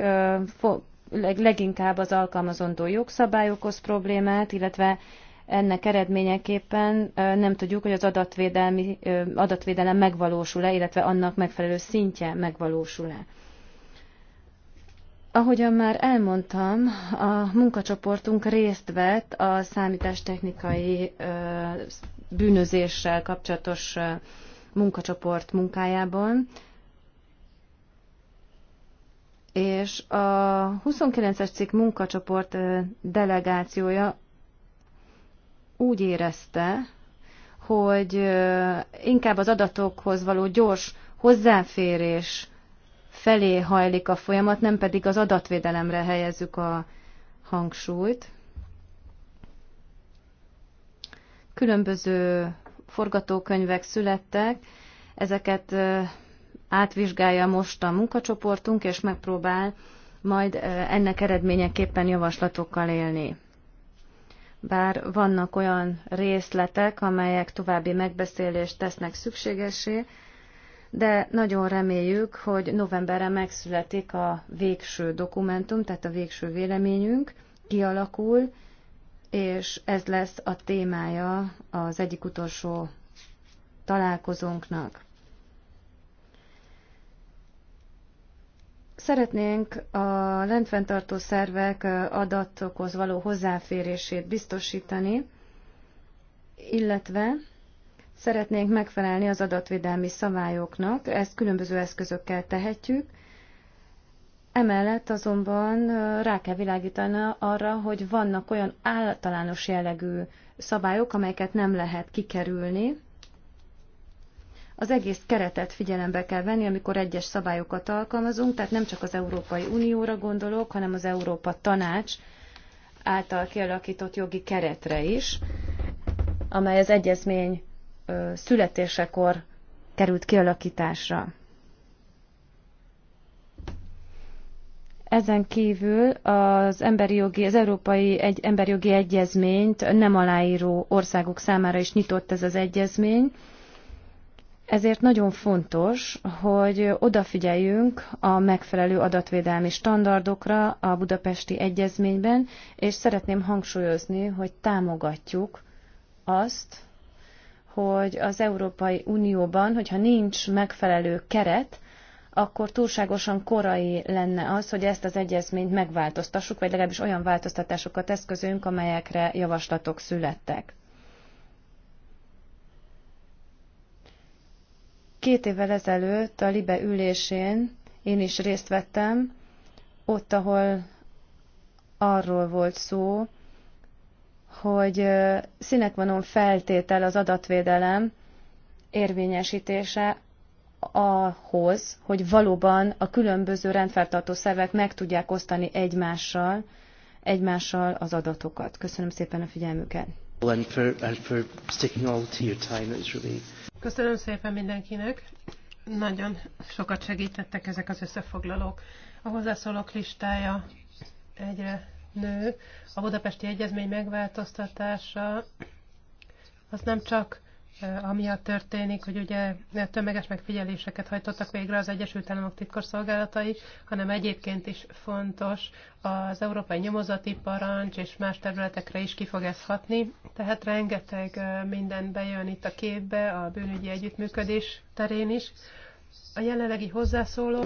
Leginkább az alkalmazandó jogszabályokhoz problémát, illetve ennek eredményeképpen nem tudjuk, hogy az adatvédelmi, adatvédelem megvalósul-e, illetve annak megfelelő szintje megvalósul-e. Ahogyan már elmondtam, a munkacsoportunk részt vett a számítástechnikai bűnözéssel kapcsolatos munkacsoport munkájában. és a 29-es cikk munkacsoport delegációja úgy érezte, hogy inkább az adatokhoz való gyors hozzáférés felé hajlik a folyamat, nem pedig az adatvédelemre helyezzük a hangsúlyt. Különböző forgatókönyvek születtek, ezeket átvizsgálja most a munkacsoportunk, és megpróbál majd ennek eredményeképpen javaslatokkal élni. Bár vannak olyan részletek, amelyek további megbeszélést tesznek szükségesé, de nagyon reméljük, hogy novemberre megszületik a végső dokumentum, tehát a végső véleményünk kialakul, és ez lesz a témája az egyik utolsó találkozónknak. Szeretnénk a lentfenntartó szervek adatokhoz való hozzáférését biztosítani, illetve szeretnénk megfelelni az adatvédelmi szabályoknak, ezt különböző eszközökkel tehetjük, Emellett azonban rá kell világítani arra, hogy vannak olyan általános jellegű szabályok, amelyeket nem lehet kikerülni, az egész keretet figyelembe kell venni, amikor egyes szabályokat alkalmazunk, tehát nem csak az Európai Unióra gondolok, hanem az Európa Tanács által kialakított jogi keretre is, amely az egyezmény születésekor került kialakításra. Ezen kívül az, emberi jogi, az Európai egy, Emberi Jogi Egyezményt nem aláíró országok számára is nyitott ez az egyezmény, ezért nagyon fontos, hogy odafigyeljünk a megfelelő adatvédelmi standardokra a budapesti egyezményben, és szeretném hangsúlyozni, hogy támogatjuk azt, hogy az Európai Unióban, hogyha nincs megfelelő keret, akkor túlságosan korai lenne az, hogy ezt az egyezményt megváltoztassuk, vagy legalábbis olyan változtatásokat eszközünk, amelyekre javaslatok születtek. Két évvel ezelőtt a Libe ülésén én is részt vettem, ott, ahol arról volt szó, hogy színekvanon feltétel az adatvédelem érvényesítése ahhoz, hogy valóban a különböző rendfenntartó szervek meg tudják osztani egymással, egymással az adatokat. Köszönöm szépen a figyelmüket! Köszönöm szépen mindenkinek. Nagyon sokat segítettek ezek az összefoglalók. A hozzászólók listája egyre nő. A budapesti egyezmény megváltoztatása az nem csak Eh, amiatt történik, hogy ugye tömeges megfigyeléseket hajtottak végre az Egyesült Államok titkosszolgálatai, hanem egyébként is fontos az európai nyomozati parancs és más területekre is ki fog ez hatni. Tehát rengeteg eh, minden bejön itt a képbe, a bűnügyi együttműködés terén is. A jelenlegi hozzászóló...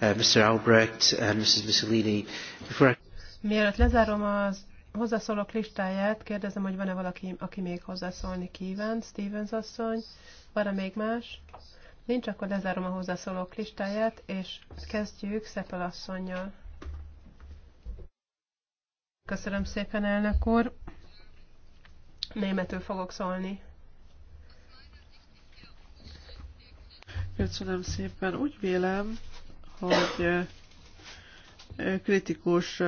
Uh, Mr. Albrecht and uh, Mrs. Mussolini, before I... Mielőtt lezárom az hozzászólók listáját kérdezem, hogy van-e valaki, aki még hozzászólni kíván. Stevens asszony, van-e még más? Nincs, akkor lezárom a hozzászólók listáját, és kezdjük Szepel asszonynal. Köszönöm szépen, elnök úr. Németül fogok szólni. Köszönöm szépen. Úgy vélem, hogy kritikus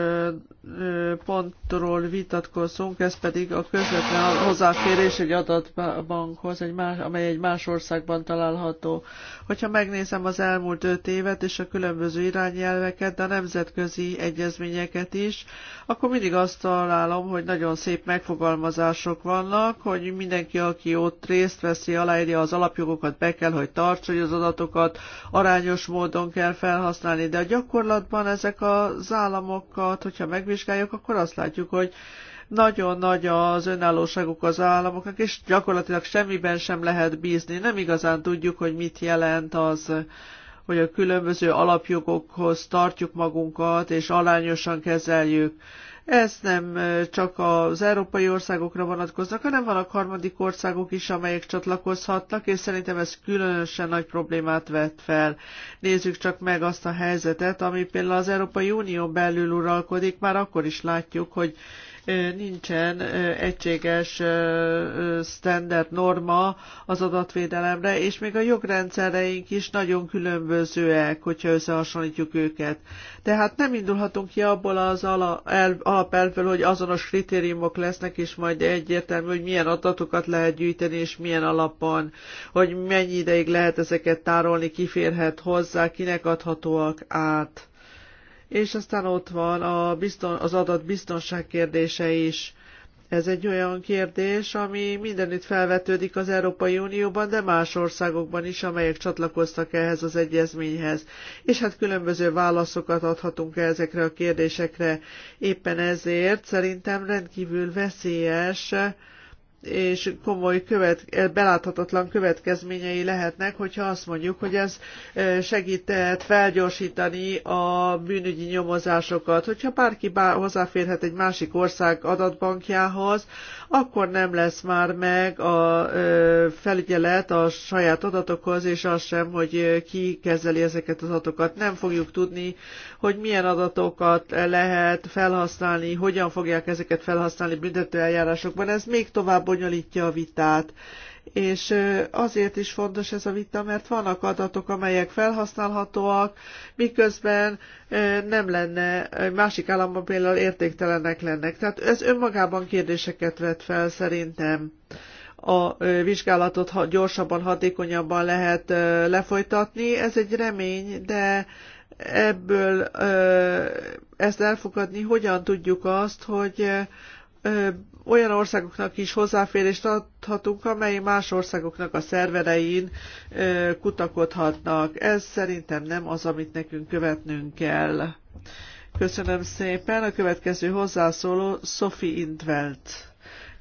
pontról vitatkozunk, ez pedig a közvetlen hozzáférés egy adatbankhoz, egy más, amely egy más országban található. Hogyha megnézem az elmúlt öt évet és a különböző irányelveket, de a nemzetközi egyezményeket is, akkor mindig azt találom, hogy nagyon szép megfogalmazások vannak, hogy mindenki, aki ott részt veszi, aláírja az alapjogokat, be kell, hogy tartsa, hogy az adatokat arányos módon kell felhasználni, de a gyakorlatban ezek a az államokat, hogyha megvizsgáljuk, akkor azt látjuk, hogy nagyon nagy az önállóságuk az államoknak, és gyakorlatilag semmiben sem lehet bízni. Nem igazán tudjuk, hogy mit jelent az, hogy a különböző alapjogokhoz tartjuk magunkat, és alányosan kezeljük. Ez nem csak az európai országokra vonatkoznak, hanem vannak harmadik országok is, amelyek csatlakozhatnak, és szerintem ez különösen nagy problémát vet fel. Nézzük csak meg azt a helyzetet, ami például az Európai Unió belül uralkodik, már akkor is látjuk, hogy nincsen egységes standard norma az adatvédelemre, és még a jogrendszereink is nagyon különbözőek, hogyha összehasonlítjuk őket. Tehát nem indulhatunk ki abból az alapelvből, hogy azonos kritériumok lesznek, és majd egyértelmű, hogy milyen adatokat lehet gyűjteni, és milyen alapon, hogy mennyi ideig lehet ezeket tárolni, kiférhet hozzá, kinek adhatóak át és aztán ott van a bizton, az adat biztonság kérdése is. Ez egy olyan kérdés, ami mindenütt felvetődik az Európai Unióban, de más országokban is, amelyek csatlakoztak ehhez az egyezményhez. És hát különböző válaszokat adhatunk ezekre a kérdésekre. Éppen ezért szerintem rendkívül veszélyes, és komoly követ, beláthatatlan következményei lehetnek, hogyha azt mondjuk, hogy ez segített felgyorsítani a bűnügyi nyomozásokat. Hogyha bárki hozzáférhet egy másik ország adatbankjához, akkor nem lesz már meg a felügyelet a saját adatokhoz, és az sem, hogy ki kezeli ezeket az adatokat. Nem fogjuk tudni, hogy milyen adatokat lehet felhasználni, hogyan fogják ezeket felhasználni büntetőeljárásokban. Ez még tovább bonyolítja a vitát és azért is fontos ez a vita, mert vannak adatok, amelyek felhasználhatóak, miközben nem lenne, másik államban például értéktelenek lennek. Tehát ez önmagában kérdéseket vet fel szerintem a vizsgálatot gyorsabban, hatékonyabban lehet lefolytatni. Ez egy remény, de ebből ezt elfogadni hogyan tudjuk azt, hogy olyan országoknak is hozzáférést adhatunk, amely más országoknak a szerverein kutakodhatnak. Ez szerintem nem az, amit nekünk követnünk kell. Köszönöm szépen. A következő hozzászóló Sophie Intvelt.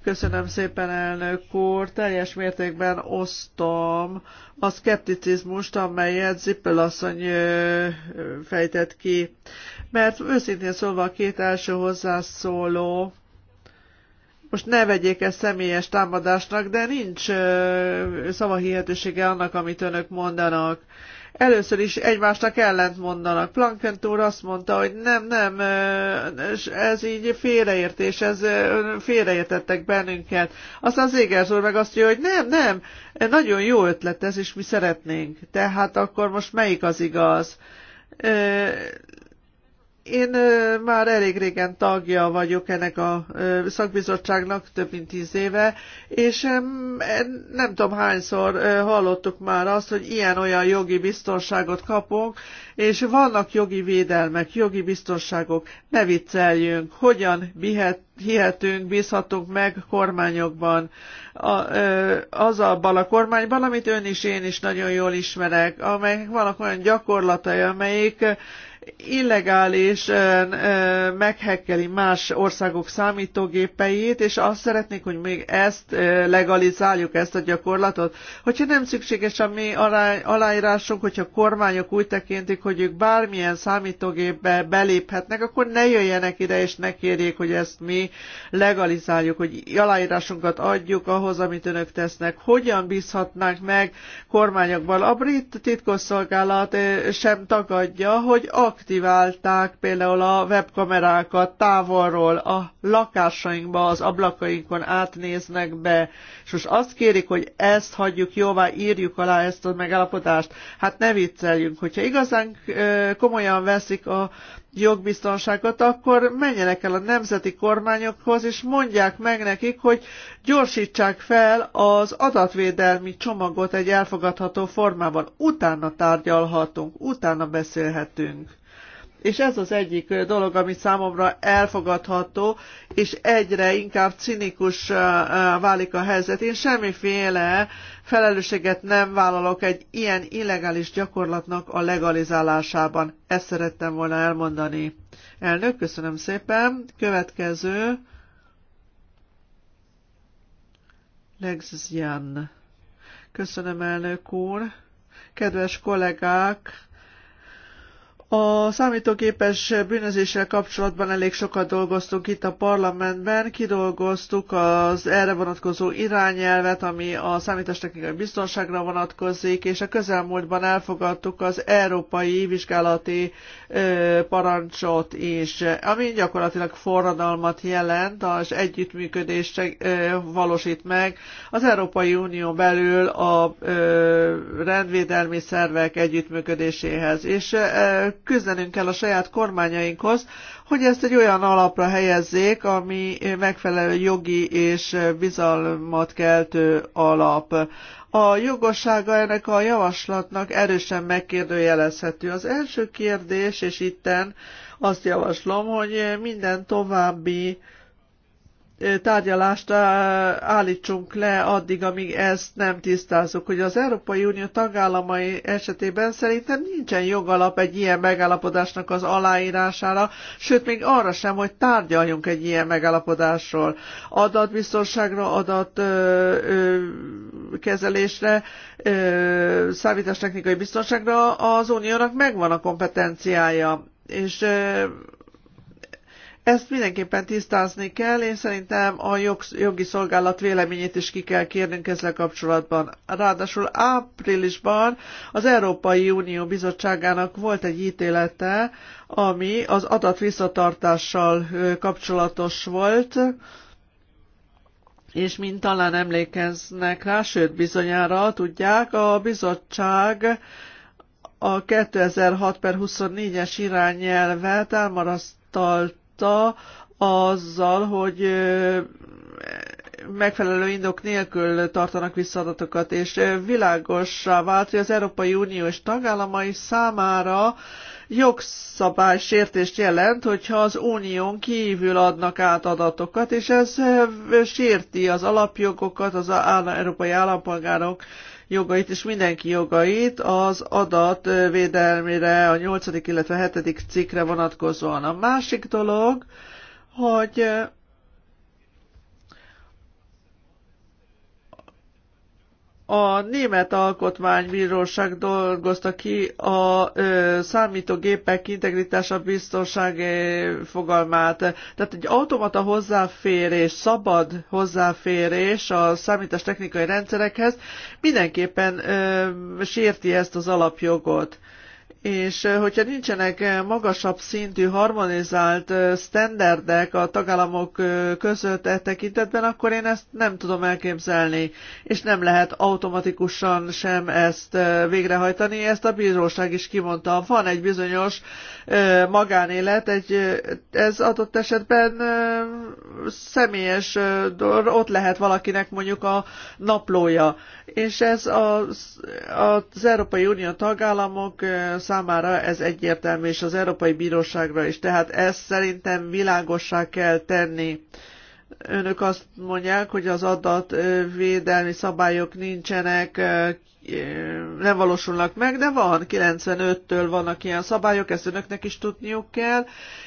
Köszönöm szépen, elnök úr. Teljes mértékben osztom a szkepticizmust, amelyet Zippel asszony fejtett ki. Mert őszintén szólva a két első hozzászóló most ne vegyék ezt személyes támadásnak, de nincs szavahihetősége annak, amit önök mondanak. Először is egymásnak ellent mondanak. Plankent úr azt mondta, hogy nem, nem, ez így félreértés, ez félreértettek bennünket. Aztán Égers úr meg azt mondja, hogy nem, nem, nagyon jó ötlet ez, és mi szeretnénk. Tehát akkor most melyik az igaz? Én már elég régen tagja vagyok ennek a szakbizottságnak, több mint tíz éve, és e, nem tudom hányszor hallottuk már azt, hogy ilyen-olyan jogi biztonságot kapunk, és vannak jogi védelmek, jogi biztonságok, ne vicceljünk, hogyan bihet, hihetünk, bízhatunk meg kormányokban, a, ö, az abban a kormányban, amit ön is, én is nagyon jól ismerek, amelyek vannak olyan gyakorlatai, amelyik illegális meghekkeli más országok számítógépeit, és azt szeretnék, hogy még ezt legalizáljuk, ezt a gyakorlatot. Hogyha nem szükséges a mi aláírásunk, hogyha kormányok úgy tekintik, hogy ők bármilyen számítógépbe beléphetnek, akkor ne jöjjenek ide, és ne kérjék, hogy ezt mi legalizáljuk, hogy aláírásunkat adjuk ahhoz, amit önök tesznek. Hogyan bízhatnánk meg kormányokban? A brit titkosszolgálat sem tagadja, hogy a aktiválták például a webkamerákat távolról, a lakásainkba, az ablakainkon átnéznek be, és most azt kérik, hogy ezt hagyjuk jóvá, írjuk alá ezt a megállapodást. Hát ne vicceljünk, hogyha igazán komolyan veszik a jogbiztonságot, akkor menjenek el a nemzeti kormányokhoz, és mondják meg nekik, hogy gyorsítsák fel az adatvédelmi csomagot egy elfogadható formában. Utána tárgyalhatunk, utána beszélhetünk és ez az egyik dolog, ami számomra elfogadható, és egyre inkább cinikus válik a helyzet. Én semmiféle felelősséget nem vállalok egy ilyen illegális gyakorlatnak a legalizálásában. Ezt szerettem volna elmondani. Elnök, köszönöm szépen. Következő. Lexian. Köszönöm, elnök úr. Kedves kollégák, a számítógépes bűnözéssel kapcsolatban elég sokat dolgoztunk itt a parlamentben, kidolgoztuk az erre vonatkozó irányelvet, ami a számítástechnikai biztonságra vonatkozik, és a közelmúltban elfogadtuk az európai vizsgálati ö, parancsot is, ami gyakorlatilag forradalmat jelent, az együttműködést ö, valósít meg az Európai Unió belül a ö, rendvédelmi szervek együttműködéséhez, és ö, küzdenünk kell a saját kormányainkhoz, hogy ezt egy olyan alapra helyezzék, ami megfelelő jogi és bizalmat keltő alap. A jogossága ennek a javaslatnak erősen megkérdőjelezhető. Az első kérdés, és itten azt javaslom, hogy minden további tárgyalást állítsunk le addig, amíg ezt nem tisztázzuk. Hogy az Európai Unió tagállamai esetében szerintem nincsen jogalap egy ilyen megállapodásnak az aláírására, sőt még arra sem, hogy tárgyaljunk egy ilyen megállapodásról. Adatbiztonságra, adatkezelésre, számítástechnikai biztonságra az uniónak megvan a kompetenciája és ezt mindenképpen tisztázni kell, én szerintem a jogi szolgálat véleményét is ki kell kérnünk ezzel kapcsolatban. Ráadásul áprilisban az Európai Unió Bizottságának volt egy ítélete, ami az adat visszatartással kapcsolatos volt, és mint talán emlékeznek rá, sőt bizonyára tudják, a bizottság a 2006 per 24-es irányelvet elmarasztalt megtámadta azzal, hogy megfelelő indok nélkül tartanak vissza adatokat, és világossá vált, hogy az Európai Unió és tagállamai számára jogszabály sértést jelent, hogyha az unión kívül adnak át adatokat, és ez sérti az alapjogokat, az európai állampolgárok jogait és mindenki jogait az adat védelmére, a 8. illetve 7. cikkre vonatkozóan. A másik dolog, hogy a Német Alkotmánybíróság dolgozta ki a ö, számítógépek integritása biztonsági fogalmát. Tehát egy automata hozzáférés, szabad hozzáférés a számítástechnikai rendszerekhez mindenképpen ö, sérti ezt az alapjogot. Ö, és eh, hogyha nincsenek eh, magasabb szintű harmonizált eh, sztenderdek a tagállamok között e tekintetben, akkor én ezt nem tudom elképzelni, és nem lehet automatikusan sem ezt végrehajtani. Ezt a bíróság is kimondta. Van egy bizonyos magánélet, egy, ez adott esetben személyes, ott lehet valakinek mondjuk a naplója, és ez az, az Európai Unió tagállamok számára ez egyértelmű, és az Európai Bíróságra is. Tehát ezt szerintem világossá kell tenni. Önök azt mondják, hogy az adatvédelmi szabályok nincsenek, nem valósulnak meg, de van, 95-től vannak ilyen szabályok, ezt önöknek is tudniuk kell,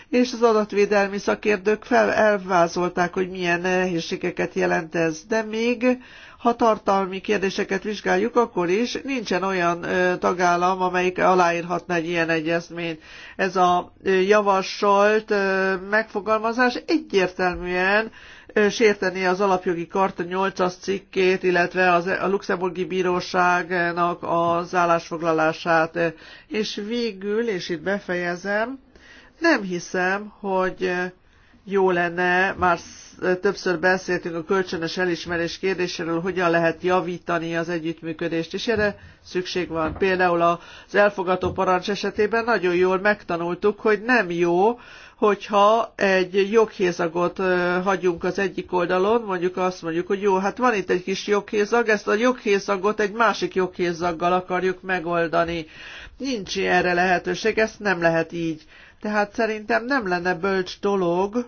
és az adatvédelmi szakértők fel elvázolták, hogy milyen nehézségeket jelent ez, de még ha tartalmi kérdéseket vizsgáljuk, akkor is nincsen olyan tagállam, amelyik aláírhatna egy ilyen egyezményt. Ez a javasolt megfogalmazás egyértelműen sérteni az alapjogi karta 8-as cikkét, illetve az, a luxemburgi bíróságnak az állásfoglalását. És végül, és itt befejezem, nem hiszem, hogy jó lenne, már többször beszéltünk a kölcsönös elismerés kérdéséről, hogyan lehet javítani az együttműködést, és erre szükség van. Például az elfogató parancs esetében nagyon jól megtanultuk, hogy nem jó, hogyha egy joghézagot hagyunk az egyik oldalon, mondjuk azt mondjuk, hogy jó, hát van itt egy kis joghézag, ezt a joghézagot egy másik joghézaggal akarjuk megoldani. Nincs erre lehetőség, ezt nem lehet így. Tehát szerintem nem lenne bölcs dolog,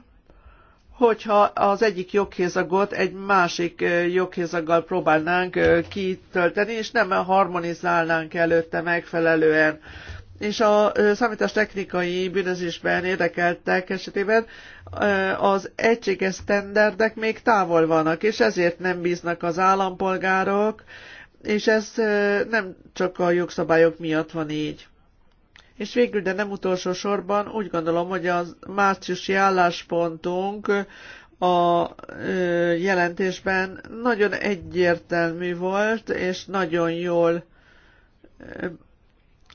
hogyha az egyik joghézagot egy másik joghézaggal próbálnánk kitölteni, és nem harmonizálnánk előtte megfelelően. És a számítástechnikai bűnözésben érdekeltek esetében az egységes sztenderdek még távol vannak, és ezért nem bíznak az állampolgárok, és ez nem csak a jogszabályok miatt van így. És végül, de nem utolsó sorban, úgy gondolom, hogy a márciusi álláspontunk a jelentésben nagyon egyértelmű volt, és nagyon jól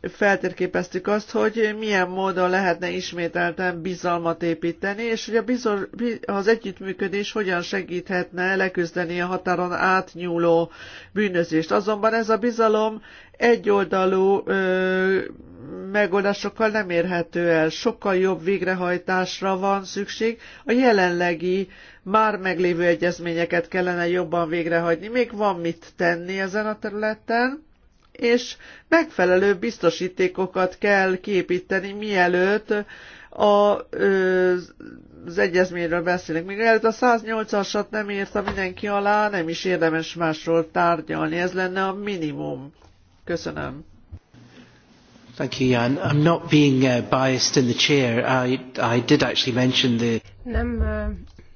feltérképeztük azt, hogy milyen módon lehetne ismételten bizalmat építeni, és hogy a bizor, az együttműködés hogyan segíthetne leküzdeni a határon átnyúló bűnözést. Azonban ez a bizalom egyoldalú ö, megoldásokkal nem érhető el. Sokkal jobb végrehajtásra van szükség. A jelenlegi már meglévő egyezményeket kellene jobban végrehajtni. Még van mit tenni ezen a területen és megfelelő biztosítékokat kell képíteni, mielőtt a, az egyezményről beszélünk. Még előtt a 108-asat nem írta mindenki alá, nem is érdemes másról tárgyalni. Ez lenne a minimum. Köszönöm. Thank you, Jan. I'm not being uh, biased in the chair. I, I did actually mention the... Nem uh,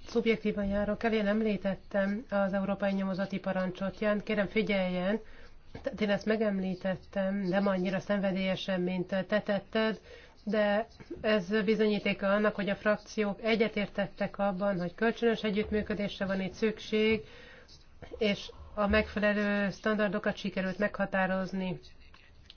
szubjektívan járok elé, nem említettem az európai nyomozati parancsot. Jan, kérem figyeljen, tehát én ezt megemlítettem, nem annyira szenvedélyesen, mint te tetted, de ez bizonyítéka annak, hogy a frakciók egyetértettek abban, hogy kölcsönös együttműködésre van itt szükség, és a megfelelő standardokat sikerült meghatározni.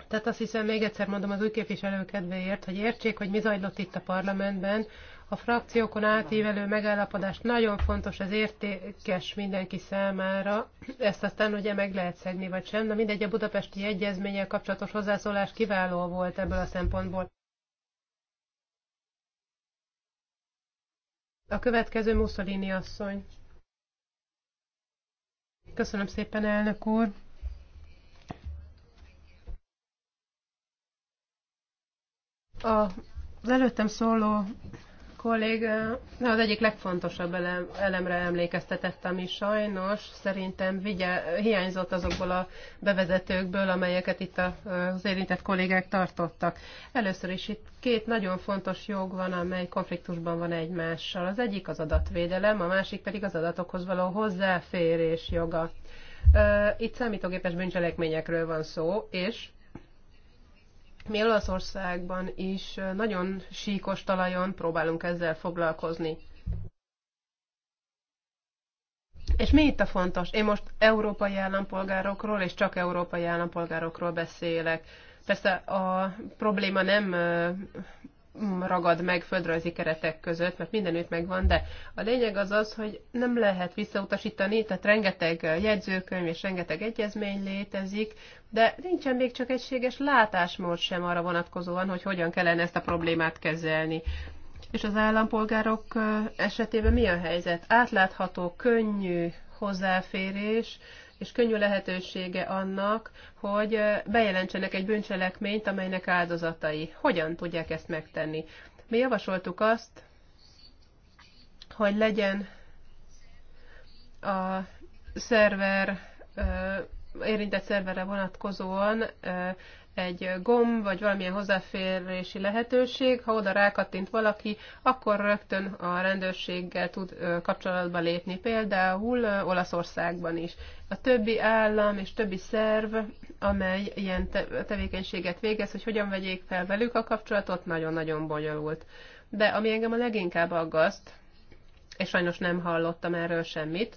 Tehát azt hiszem, még egyszer mondom az új képviselő kedvéért, hogy értsék, hogy mi zajlott itt a parlamentben, a frakciókon átívelő megállapodás nagyon fontos, az értékes mindenki számára. Ezt aztán ugye meg lehet szegni, vagy sem. Na mindegy, a budapesti egyezménnyel kapcsolatos hozzászólás kiváló volt ebből a szempontból. A következő Mussolini asszony. Köszönöm szépen, elnök úr. A, az előttem szóló kolléga az egyik legfontosabb elem, elemre emlékeztetett, ami sajnos szerintem vigye, hiányzott azokból a bevezetőkből, amelyeket itt az érintett kollégák tartottak. Először is itt két nagyon fontos jog van, amely konfliktusban van egymással. Az egyik az adatvédelem, a másik pedig az adatokhoz való hozzáférés joga. Itt számítógépes bűncselekményekről van szó, és mi Olaszországban is nagyon síkos talajon próbálunk ezzel foglalkozni. És mi itt a fontos? Én most európai állampolgárokról és csak európai állampolgárokról beszélek. Persze a probléma nem ragad meg földrajzi keretek között, mert mindenütt megvan, de a lényeg az az, hogy nem lehet visszautasítani, tehát rengeteg jegyzőkönyv és rengeteg egyezmény létezik, de nincsen még csak egységes látásmód sem arra vonatkozóan, hogy hogyan kellene ezt a problémát kezelni. És az állampolgárok esetében mi a helyzet? Átlátható, könnyű hozzáférés, és könnyű lehetősége annak, hogy bejelentsenek egy bűncselekményt, amelynek áldozatai. Hogyan tudják ezt megtenni? Mi javasoltuk azt, hogy legyen a szerver érintett szerverre vonatkozóan egy gomb, vagy valamilyen hozzáférési lehetőség, ha oda rákattint valaki, akkor rögtön a rendőrséggel tud kapcsolatba lépni, például Olaszországban is. A többi állam és többi szerv, amely ilyen tevékenységet végez, hogy hogyan vegyék fel velük a kapcsolatot, nagyon-nagyon bonyolult. De ami engem a leginkább aggaszt, és sajnos nem hallottam erről semmit,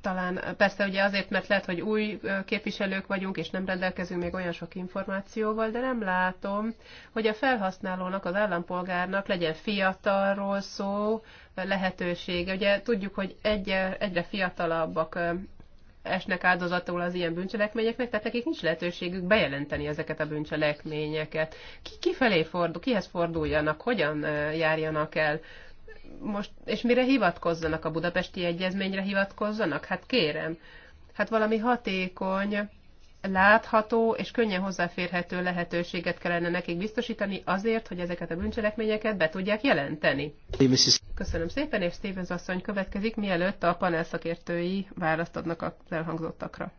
talán persze ugye azért, mert lehet, hogy új képviselők vagyunk, és nem rendelkezünk még olyan sok információval, de nem látom, hogy a felhasználónak, az állampolgárnak legyen fiatalról szó lehetősége. Ugye tudjuk, hogy egy, egyre fiatalabbak esnek áldozatul az ilyen bűncselekményeknek, tehát nekik nincs lehetőségük bejelenteni ezeket a bűncselekményeket. Ki, kifelé fordul, kihez forduljanak, hogyan járjanak el most, és mire hivatkozzanak? A budapesti egyezményre hivatkozzanak? Hát kérem, hát valami hatékony, látható és könnyen hozzáférhető lehetőséget kellene nekik biztosítani azért, hogy ezeket a bűncselekményeket be tudják jelenteni. Köszönöm szépen, és Stevens asszony következik, mielőtt a panel szakértői választ adnak az elhangzottakra.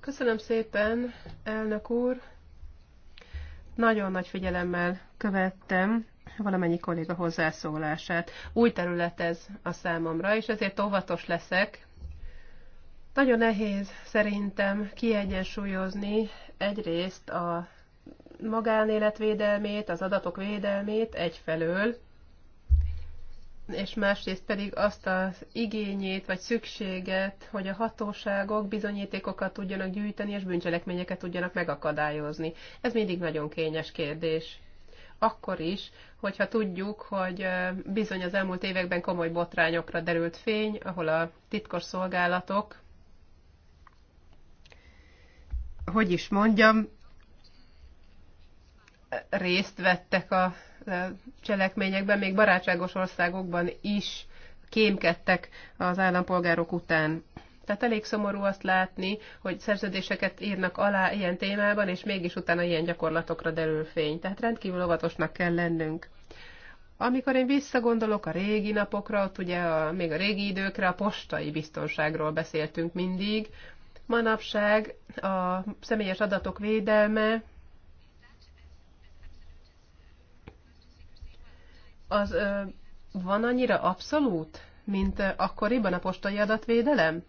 Köszönöm szépen, elnök úr. Nagyon nagy figyelemmel követtem valamennyi kolléga hozzászólását. Új terület ez a számomra, és ezért óvatos leszek. Nagyon nehéz szerintem kiegyensúlyozni egyrészt a magánéletvédelmét, az adatok védelmét egyfelől, és másrészt pedig azt az igényét vagy szükséget, hogy a hatóságok bizonyítékokat tudjanak gyűjteni és bűncselekményeket tudjanak megakadályozni. Ez mindig nagyon kényes kérdés. Akkor is, hogyha tudjuk, hogy bizony az elmúlt években komoly botrányokra derült fény, ahol a titkos szolgálatok, hogy is mondjam, részt vettek a cselekményekben, még barátságos országokban is kémkedtek az állampolgárok után. Tehát elég szomorú azt látni, hogy szerződéseket írnak alá ilyen témában, és mégis utána ilyen gyakorlatokra derül fény. Tehát rendkívül óvatosnak kell lennünk. Amikor én visszagondolok a régi napokra, ott ugye a, még a régi időkre a postai biztonságról beszéltünk mindig. Manapság a személyes adatok védelme az ö, van annyira abszolút, mint ö, akkoriban a postai adatvédelem?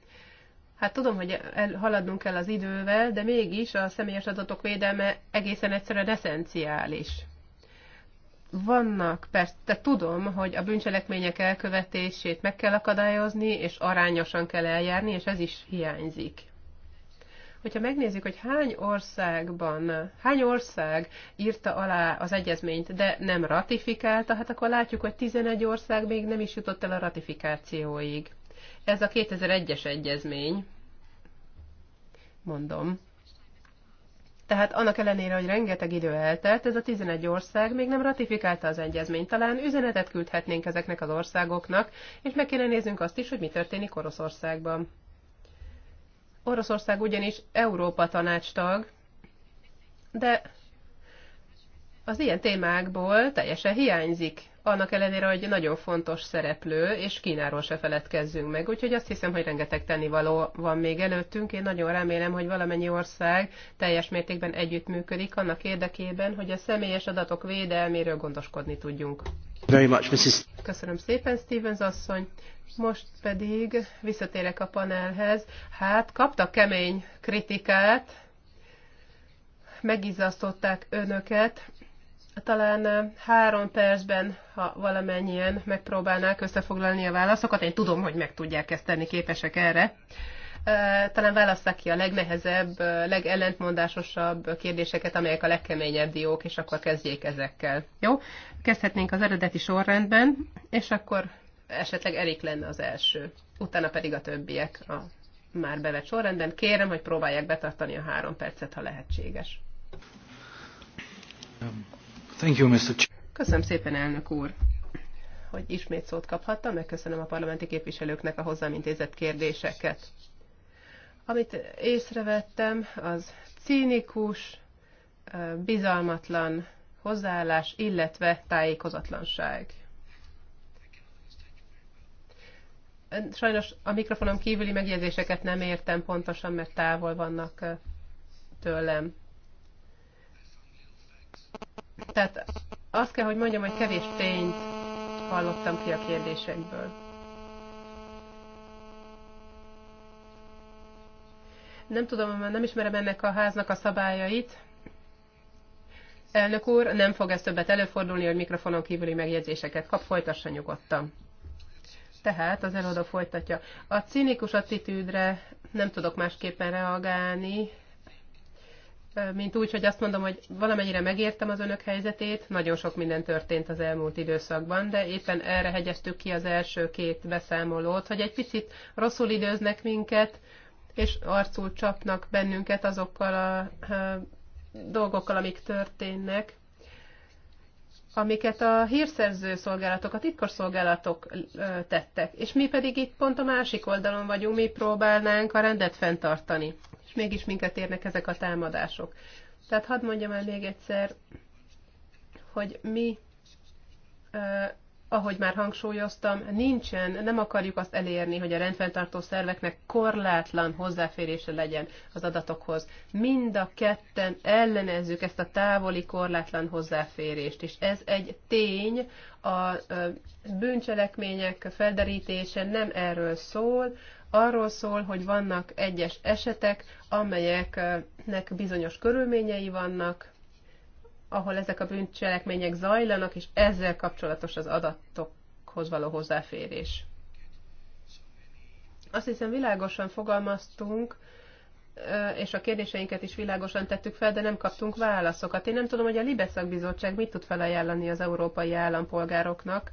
Hát tudom, hogy el, haladnunk kell az idővel, de mégis a személyes adatok védelme egészen egyszerűen eszenciális. Vannak, persze, te tudom, hogy a bűncselekmények elkövetését meg kell akadályozni, és arányosan kell eljárni, és ez is hiányzik. Hogyha megnézzük, hogy hány országban, hány ország írta alá az egyezményt, de nem ratifikálta, hát akkor látjuk, hogy 11 ország még nem is jutott el a ratifikációig. Ez a 2001-es egyezmény, mondom. Tehát annak ellenére, hogy rengeteg idő eltelt, ez a 11 ország még nem ratifikálta az egyezményt. Talán üzenetet küldhetnénk ezeknek az országoknak, és meg kéne néznünk azt is, hogy mi történik Oroszországban. Oroszország ugyanis Európa tanács tag, de az ilyen témákból teljesen hiányzik, annak ellenére, hogy nagyon fontos szereplő, és Kínáról se feledkezzünk meg. Úgyhogy azt hiszem, hogy rengeteg tennivaló van még előttünk. Én nagyon remélem, hogy valamennyi ország teljes mértékben együttműködik annak érdekében, hogy a személyes adatok védelméről gondoskodni tudjunk. Very much, Mrs. Köszönöm szépen, Stevens asszony. Most pedig visszatérek a panelhez. Hát kapta kemény kritikát, megizasztották önöket. Talán eh, három percben, ha valamennyien megpróbálnák összefoglalni a válaszokat, én tudom, hogy meg tudják ezt tenni, képesek erre talán válasszák ki a legnehezebb, legellentmondásosabb kérdéseket, amelyek a legkeményebb diók, és akkor kezdjék ezekkel. Jó? Kezdhetnénk az eredeti sorrendben, és akkor esetleg Erik lenne az első, utána pedig a többiek a már bevett sorrendben. Kérem, hogy próbálják betartani a három percet, ha lehetséges. Um, thank you, Mr. Köszönöm szépen, elnök úr, hogy ismét szót kaphattam, megköszönöm a parlamenti képviselőknek a hozzám intézett kérdéseket. Amit észrevettem, az cínikus, bizalmatlan hozzáállás, illetve tájékozatlanság. Sajnos a mikrofonom kívüli megjegyzéseket nem értem pontosan, mert távol vannak tőlem. Tehát azt kell, hogy mondjam, hogy kevés tényt hallottam ki a kérdésekből. Nem tudom, nem ismerem ennek a háznak a szabályait. Elnök úr, nem fog ez többet előfordulni, hogy mikrofonon kívüli megjegyzéseket kap, folytassa nyugodtan. Tehát az előadó folytatja. A cinikus attitűdre nem tudok másképpen reagálni, mint úgy, hogy azt mondom, hogy valamennyire megértem az önök helyzetét, nagyon sok minden történt az elmúlt időszakban, de éppen erre hegyeztük ki az első két beszámolót, hogy egy picit rosszul időznek minket, és arcul csapnak bennünket azokkal a, a dolgokkal, amik történnek, amiket a hírszerző szolgálatok, a titkos szolgálatok tettek. És mi pedig itt pont a másik oldalon vagyunk, mi próbálnánk a rendet fenntartani. És mégis minket érnek ezek a támadások. Tehát hadd mondjam el még egyszer, hogy mi ahogy már hangsúlyoztam, nincsen, nem akarjuk azt elérni, hogy a rendfenntartó szerveknek korlátlan hozzáférése legyen az adatokhoz. Mind a ketten ellenezzük ezt a távoli korlátlan hozzáférést, és ez egy tény, a bűncselekmények felderítése nem erről szól, arról szól, hogy vannak egyes esetek, amelyeknek bizonyos körülményei vannak, ahol ezek a bűncselekmények zajlanak, és ezzel kapcsolatos az adatokhoz való hozzáférés. Azt hiszem világosan fogalmaztunk, és a kérdéseinket is világosan tettük fel, de nem kaptunk válaszokat. Én nem tudom, hogy a Libeszak Bizottság mit tud felajánlani az európai állampolgároknak.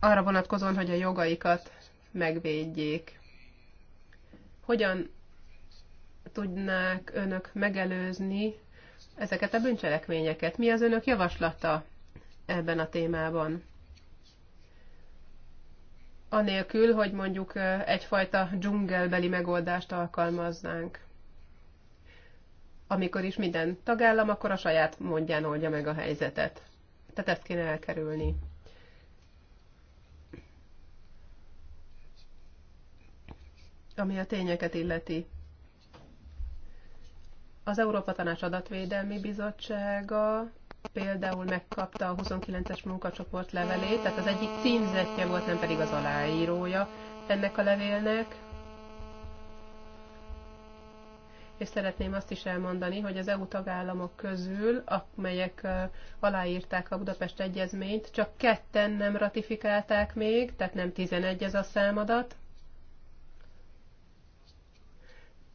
Arra vonatkozóan, hogy a jogaikat megvédjék. Hogyan tudnák önök megelőzni ezeket a bűncselekményeket? Mi az önök javaslata ebben a témában? Anélkül, hogy mondjuk egyfajta dzsungelbeli megoldást alkalmaznánk. Amikor is minden tagállam, akkor a saját módján oldja meg a helyzetet. Tehát ezt kéne elkerülni. Ami a tényeket illeti. Az Európa Tanács Adatvédelmi Bizottsága például megkapta a 29-es munkacsoport levelét, tehát az egyik címzetje volt, nem pedig az aláírója ennek a levélnek. És szeretném azt is elmondani, hogy az EU tagállamok közül, amelyek aláírták a Budapest Egyezményt, csak ketten nem ratifikálták még, tehát nem 11 ez a számadat,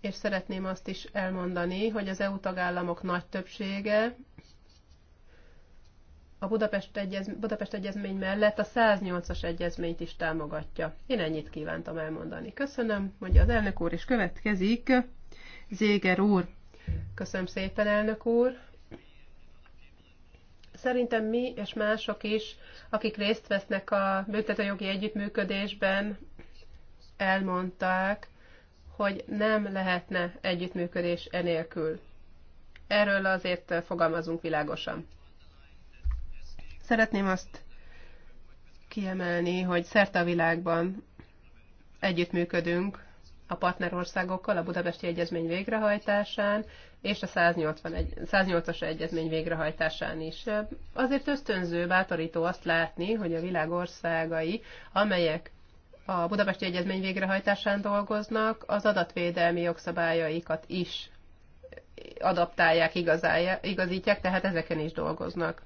és szeretném azt is elmondani, hogy az EU tagállamok nagy többsége a Budapest, egyez, Budapest egyezmény mellett a 108-as egyezményt is támogatja. Én ennyit kívántam elmondani. Köszönöm, hogy az elnök úr, is következik Zéger úr. Köszönöm szépen, elnök úr. Szerintem mi és mások is, akik részt vesznek a büntetőjogi együttműködésben, elmondták, hogy nem lehetne együttműködés enélkül. Erről azért fogalmazunk világosan. Szeretném azt kiemelni, hogy szerte a világban együttműködünk a partnerországokkal a Budapesti Egyezmény végrehajtásán, és a 108-as egyezmény végrehajtásán is. Azért ösztönző, bátorító azt látni, hogy a világ országai, amelyek a Budapesti Egyezmény végrehajtásán dolgoznak, az adatvédelmi jogszabályaikat is adaptálják, igazítják, tehát ezeken is dolgoznak.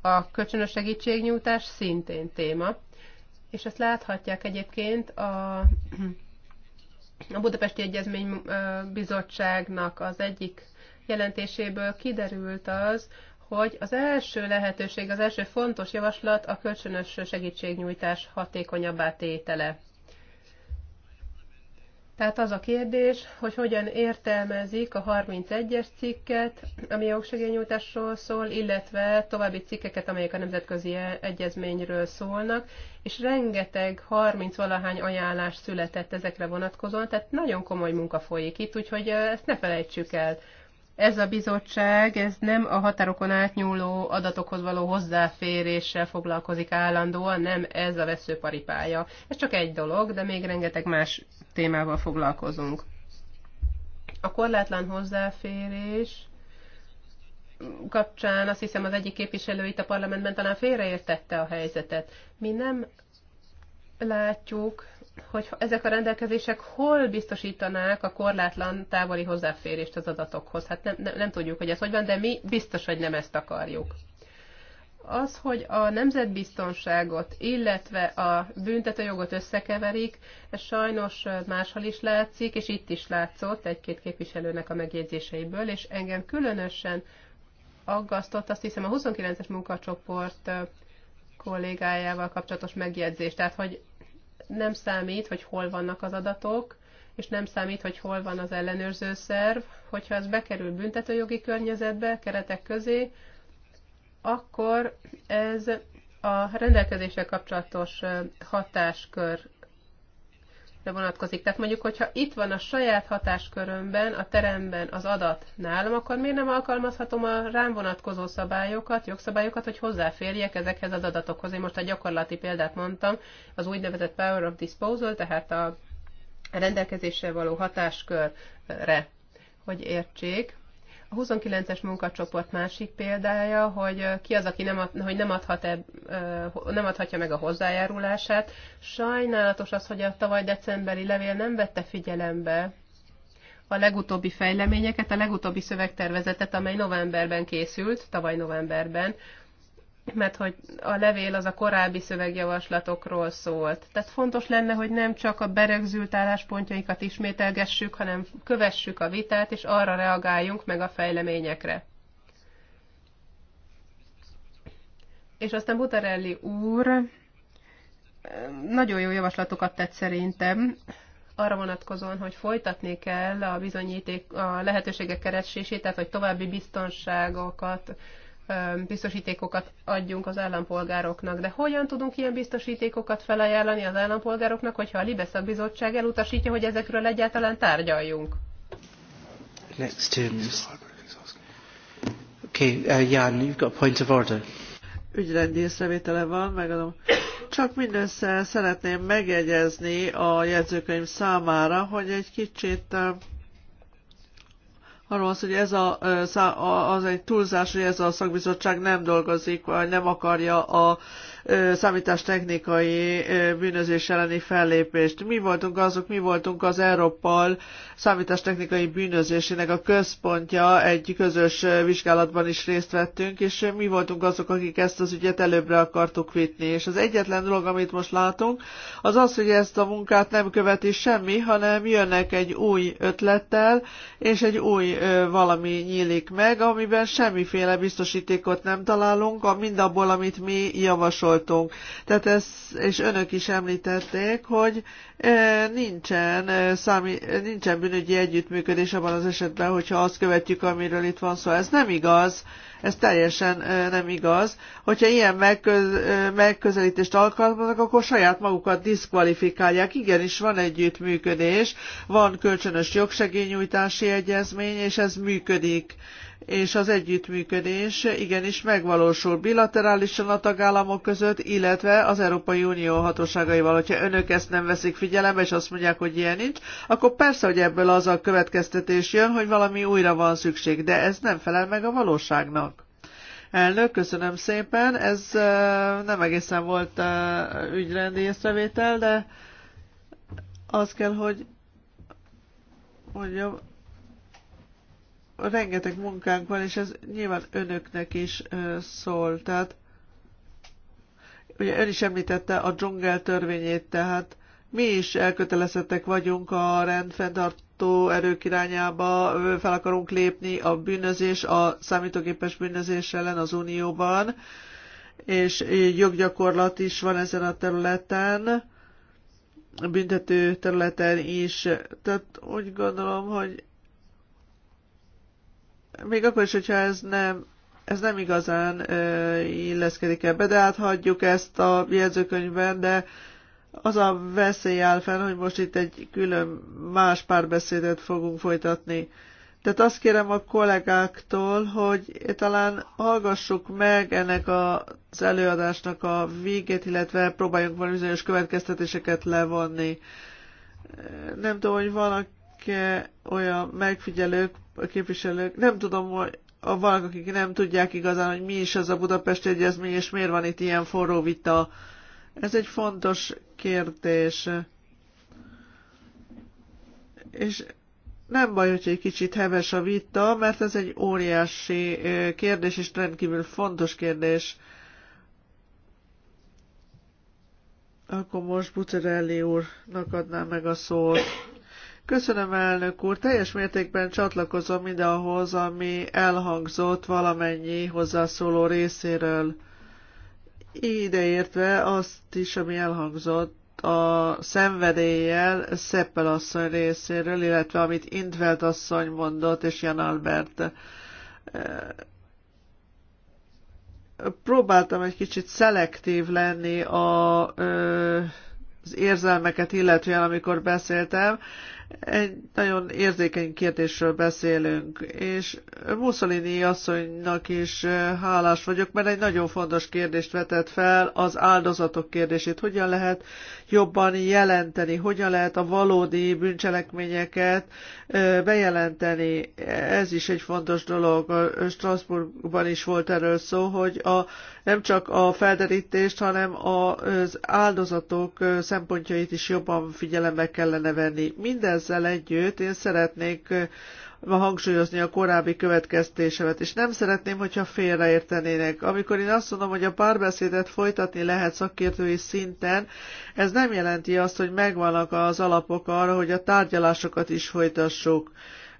A kölcsönös segítségnyújtás szintén téma, és ezt láthatják egyébként a, a Budapesti Egyezmény Bizottságnak az egyik jelentéséből kiderült az, hogy az első lehetőség, az első fontos javaslat a kölcsönös segítségnyújtás hatékonyabbá tétele. Tehát az a kérdés, hogy hogyan értelmezik a 31-es cikket, ami a jogsegélynyújtásról szól, illetve további cikkeket, amelyek a nemzetközi egyezményről szólnak, és rengeteg 30-valahány ajánlás született ezekre vonatkozóan, tehát nagyon komoly munka folyik itt, úgyhogy eh, ezt ne felejtsük el ez a bizottság ez nem a határokon átnyúló adatokhoz való hozzáféréssel foglalkozik állandóan, nem ez a veszőparipája. Ez csak egy dolog, de még rengeteg más témával foglalkozunk. A korlátlan hozzáférés kapcsán azt hiszem az egyik képviselő itt a parlamentben talán félreértette a helyzetet. Mi nem látjuk hogy ezek a rendelkezések hol biztosítanák a korlátlan távoli hozzáférést az adatokhoz. Hát nem, nem, nem tudjuk, hogy ez hogy van, de mi biztos, hogy nem ezt akarjuk. Az, hogy a nemzetbiztonságot, illetve a büntetőjogot összekeverik, ez sajnos máshol is látszik, és itt is látszott egy-két képviselőnek a megjegyzéseiből, és engem különösen aggasztott, azt hiszem a 29-es munkacsoport kollégájával kapcsolatos megjegyzés. Tehát, hogy nem számít, hogy hol vannak az adatok, és nem számít, hogy hol van az ellenőrző szerv, hogyha ez bekerül büntetőjogi környezetbe, keretek közé, akkor ez a rendelkezésre kapcsolatos hatáskör vonatkozik. Tehát mondjuk, hogyha itt van a saját hatáskörömben, a teremben az adat nálam, akkor miért nem alkalmazhatom a rám vonatkozó szabályokat, jogszabályokat, hogy hozzáférjek ezekhez az adatokhoz. Én most a gyakorlati példát mondtam, az úgynevezett Power of Disposal, tehát a rendelkezésre való hatáskörre, hogy értsék. A 29-es munkacsoport másik példája, hogy ki az, aki nem, ad, hogy nem, adhat -e, nem adhatja meg a hozzájárulását. Sajnálatos az, hogy a tavaly decemberi levél nem vette figyelembe a legutóbbi fejleményeket, a legutóbbi szövegtervezetet, amely novemberben készült, tavaly novemberben, mert hogy a levél az a korábbi szövegjavaslatokról szólt. Tehát fontos lenne, hogy nem csak a berögzült álláspontjaikat ismételgessük, hanem kövessük a vitát, és arra reagáljunk meg a fejleményekre. És aztán Butarelli úr nagyon jó javaslatokat tett szerintem, arra vonatkozóan, hogy folytatni kell a bizonyíték, a lehetőségek keresését, tehát hogy további biztonságokat biztosítékokat adjunk az állampolgároknak. De hogyan tudunk ilyen biztosítékokat felajánlani az állampolgároknak, hogyha a Libeszak Bizottság elutasítja, hogy ezekről egyáltalán tárgyaljunk? Next Okay, uh, Jan, you've got a point of order. Ügyrendi észrevétele van, megadom. Csak mindössze szeretném megjegyezni a jegyzőkönyv számára, hogy egy kicsit uh, arról az, hogy ez a, az egy túlzás, hogy ez a szakbizottság nem dolgozik, vagy nem akarja a számítástechnikai bűnözés elleni fellépést. Mi voltunk azok, mi voltunk az Európal számítástechnikai bűnözésének a központja, egy közös vizsgálatban is részt vettünk, és mi voltunk azok, akik ezt az ügyet előbbre akartuk vitni. És az egyetlen dolog, amit most látunk, az az, hogy ezt a munkát nem követi semmi, hanem jönnek egy új ötlettel, és egy új valami nyílik meg, amiben semmiféle biztosítékot nem találunk, mind abból, amit mi javasoltunk voltunk. Tehát ez, és önök is említették, hogy e, nincsen, e, számi, nincsen bűnügyi együttműködés abban az esetben, hogyha azt követjük, amiről itt van szó. Szóval ez nem igaz, ez teljesen e, nem igaz. Hogyha ilyen megköz, megközelítést alkalmaznak, akkor saját magukat diszkvalifikálják. Igenis van együttműködés, van kölcsönös jogsegényújtási egyezmény, és ez működik és az együttműködés igenis megvalósul bilaterálisan a tagállamok között, illetve az Európai Unió hatóságaival. Hogyha önök ezt nem veszik figyelembe, és azt mondják, hogy ilyen nincs, akkor persze, hogy ebből az a következtetés jön, hogy valami újra van szükség, de ez nem felel meg a valóságnak. Elnök, köszönöm szépen. Ez nem egészen volt ügyrendi észrevétel, de az kell, hogy mondjam, rengeteg munkánk van, és ez nyilván önöknek is szól. Tehát ugye ön is említette a dzsungel törvényét, tehát mi is elkötelezettek vagyunk a rendfenntartó erők irányába, fel akarunk lépni a bűnözés, a számítógépes bűnözés ellen az Unióban, és joggyakorlat is van ezen a területen, a büntető területen is. Tehát úgy gondolom, hogy még akkor is, hogyha ez nem, ez nem igazán ö, illeszkedik ebbe, de áthagyjuk ezt a jegyzőkönyvben, de az a veszély áll fenn, hogy most itt egy külön más párbeszédet fogunk folytatni. Tehát azt kérem a kollégáktól, hogy talán hallgassuk meg ennek az előadásnak a végét, illetve próbáljunk valami bizonyos következtetéseket levonni. Nem tudom, hogy vannak -e olyan megfigyelők, képviselők. Nem tudom, hogy a valak, akik nem tudják igazán, hogy mi is ez a Budapesti Egyezmény, és miért van itt ilyen forró vita. Ez egy fontos kérdés. És nem baj, hogy egy kicsit heves a vita, mert ez egy óriási kérdés, és rendkívül fontos kérdés. Akkor most Bucerelli úrnak adnám meg a szót. Köszönöm, elnök úr. Teljes mértékben csatlakozom mindenhoz, ami elhangzott valamennyi hozzászóló részéről. Ideértve azt is, ami elhangzott a szenvedéllyel Szeppel asszony részéről, illetve amit Intvelt asszony mondott, és Jan Albert próbáltam egy kicsit szelektív lenni a, az érzelmeket illetően, amikor beszéltem, egy nagyon érzékeny kérdésről beszélünk, és Mussolini asszonynak is hálás vagyok, mert egy nagyon fontos kérdést vetett fel, az áldozatok kérdését. Hogyan lehet jobban jelenteni, hogyan lehet a valódi bűncselekményeket bejelenteni. Ez is egy fontos dolog. Strasbourgban is volt erről szó, hogy a, nem csak a felderítést, hanem az áldozatok szempontjait is jobban figyelembe kellene venni. Minden ezzel együtt én szeretnék ma hangsúlyozni a korábbi következtésemet, és nem szeretném, hogyha félreértenének. Amikor én azt mondom, hogy a párbeszédet folytatni lehet szakértői szinten, ez nem jelenti azt, hogy megvannak az alapok arra, hogy a tárgyalásokat is folytassuk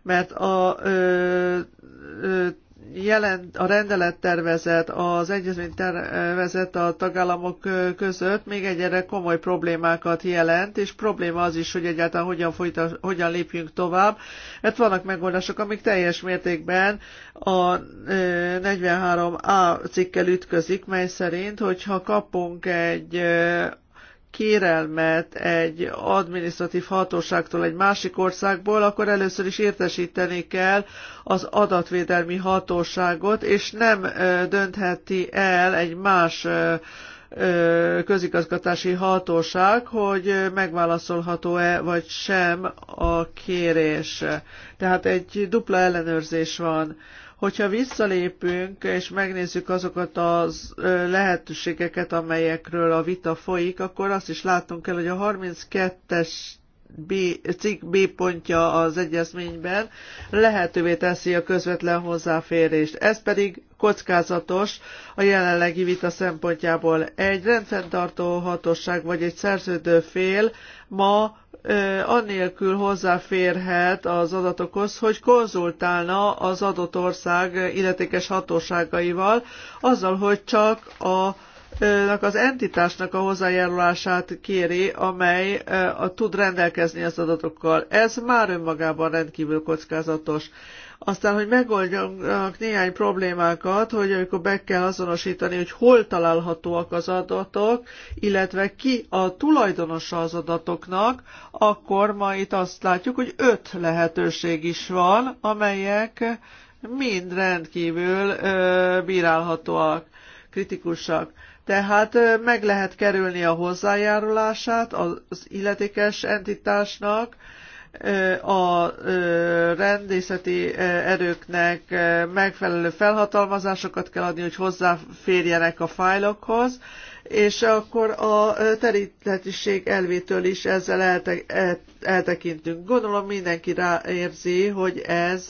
mert a ö, ö, jelent, a rendelettervezet, az egyezménytervezet a tagállamok között még egyre komoly problémákat jelent, és probléma az is, hogy egyáltalán hogyan, folytas, hogyan lépjünk tovább. Mert hát vannak megoldások, amik teljes mértékben a 43A cikkel ütközik, mely szerint, hogyha kapunk egy kérelmet egy adminisztratív hatóságtól egy másik országból, akkor először is értesíteni kell az adatvédelmi hatóságot, és nem döntheti el egy más közigazgatási hatóság, hogy megválaszolható-e vagy sem a kérés. Tehát egy dupla ellenőrzés van. Hogyha visszalépünk és megnézzük azokat a lehetőségeket, amelyekről a vita folyik, akkor azt is látunk kell, hogy a 32-es B, cikk B pontja az egyezményben lehetővé teszi a közvetlen hozzáférést. Ez pedig kockázatos a jelenlegi vita szempontjából. Egy rendfenntartó hatóság vagy egy szerződő fél ma annélkül hozzáférhet az adatokhoz, hogy konzultálna az adott ország illetékes hatóságaival, azzal, hogy csak a az entitásnak a hozzájárulását kéri, amely a, tud rendelkezni az adatokkal. Ez már önmagában rendkívül kockázatos. Aztán, hogy megoldjanak néhány problémákat, hogy amikor be kell azonosítani, hogy hol találhatóak az adatok, illetve ki a tulajdonosa az adatoknak, akkor ma itt azt látjuk, hogy öt lehetőség is van, amelyek mind rendkívül ö, bírálhatóak, kritikusak tehát meg lehet kerülni a hozzájárulását az illetékes entitásnak, a rendészeti erőknek megfelelő felhatalmazásokat kell adni, hogy hozzáférjenek a fájlokhoz, és akkor a terítetiség elvétől is ezzel e-, eltekintünk. Gondolom mindenki ráérzi, hogy ez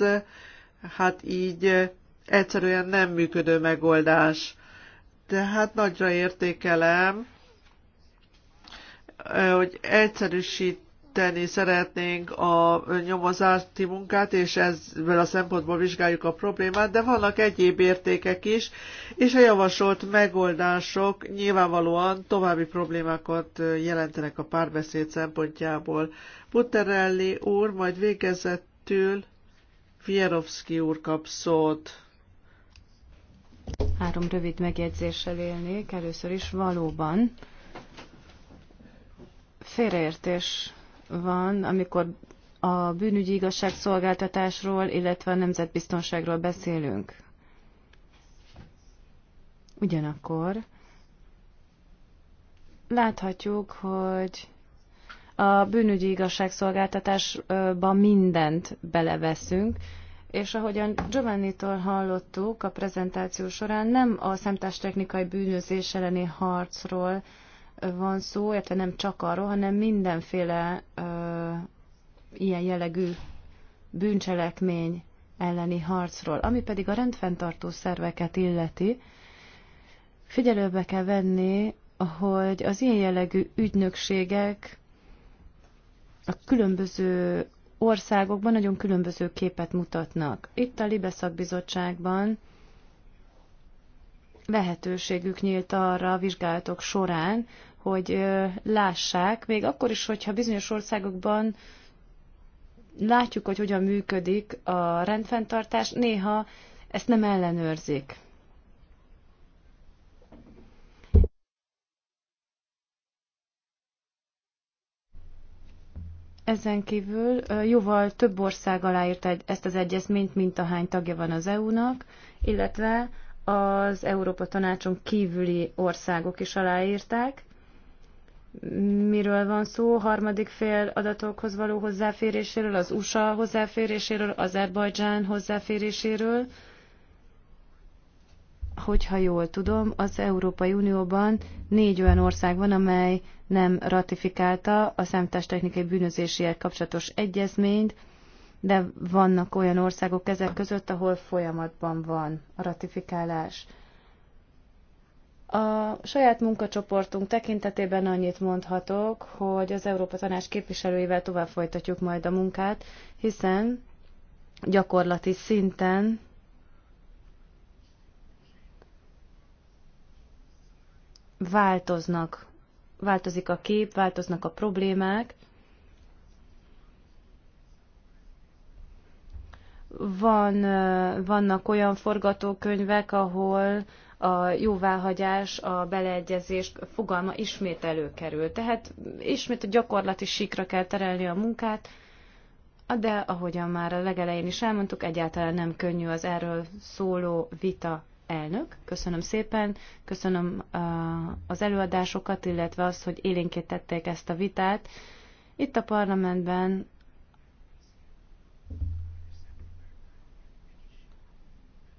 hát így egyszerűen nem működő megoldás tehát nagyra értékelem, hogy egyszerűsít szeretnénk a nyomozási munkát, és ezzel a szempontból vizsgáljuk a problémát, de vannak egyéb értékek is, és a javasolt megoldások nyilvánvalóan további problémákat jelentenek a párbeszéd szempontjából. Butterelli úr, majd végezettül Fierovszki úr kap szót. Három rövid megjegyzéssel élnék. Először is valóban félreértés van, amikor a bűnügyi igazságszolgáltatásról, illetve a nemzetbiztonságról beszélünk. Ugyanakkor láthatjuk, hogy a bűnügyi igazságszolgáltatásban mindent beleveszünk, és ahogyan Giovanni-tól hallottuk a prezentáció során, nem a szemtástechnikai bűnözés elleni harcról van szó, illetve nem csak arról, hanem mindenféle ö, ilyen jellegű bűncselekmény elleni harcról. Ami pedig a rendfenntartó szerveket illeti, figyelőbe kell venni, hogy az ilyen jellegű ügynökségek a különböző országokban nagyon különböző képet mutatnak. Itt a Libe szakbizottságban lehetőségük nyílt arra a vizsgálatok során, hogy lássák, még akkor is, hogyha bizonyos országokban látjuk, hogy hogyan működik a rendfenntartás, néha ezt nem ellenőrzik. Ezen kívül jóval több ország aláírta ezt az egyezményt, mint ahány tagja van az EU-nak, illetve az Európa Tanácson kívüli országok is aláírták. Miről van szó? Harmadik fél adatokhoz való hozzáféréséről, az USA hozzáféréséről, Azerbajdzsán hozzáféréséről hogyha jól tudom, az Európai Unióban négy olyan ország van, amely nem ratifikálta a szemtestechnikai bűnözéséhez kapcsolatos egyezményt, de vannak olyan országok ezek között, ahol folyamatban van a ratifikálás. A saját munkacsoportunk tekintetében annyit mondhatok, hogy az Európa Tanács képviselőivel tovább folytatjuk majd a munkát, hiszen gyakorlati szinten változnak, változik a kép, változnak a problémák. Van, vannak olyan forgatókönyvek, ahol a jóváhagyás, a beleegyezés fogalma ismét előkerül. Tehát ismét a gyakorlati sikra kell terelni a munkát, de ahogyan már a legelején is elmondtuk, egyáltalán nem könnyű az erről szóló vita Elnök, köszönöm szépen, köszönöm az előadásokat, illetve azt, hogy tették ezt a vitát. Itt a parlamentben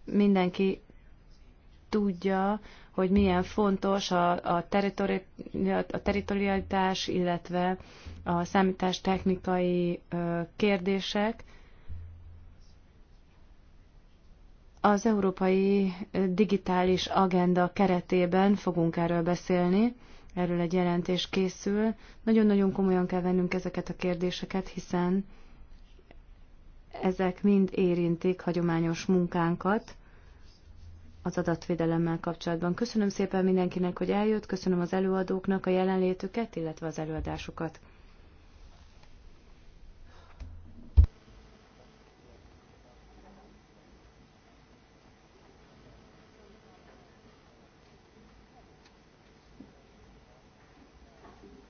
mindenki tudja, hogy milyen fontos a, a, a territorialitás, illetve a számítástechnikai kérdések. Az Európai Digitális Agenda keretében fogunk erről beszélni, erről egy jelentés készül. Nagyon-nagyon komolyan kell vennünk ezeket a kérdéseket, hiszen ezek mind érintik hagyományos munkánkat az adatvédelemmel kapcsolatban. Köszönöm szépen mindenkinek, hogy eljött, köszönöm az előadóknak a jelenlétüket, illetve az előadásukat.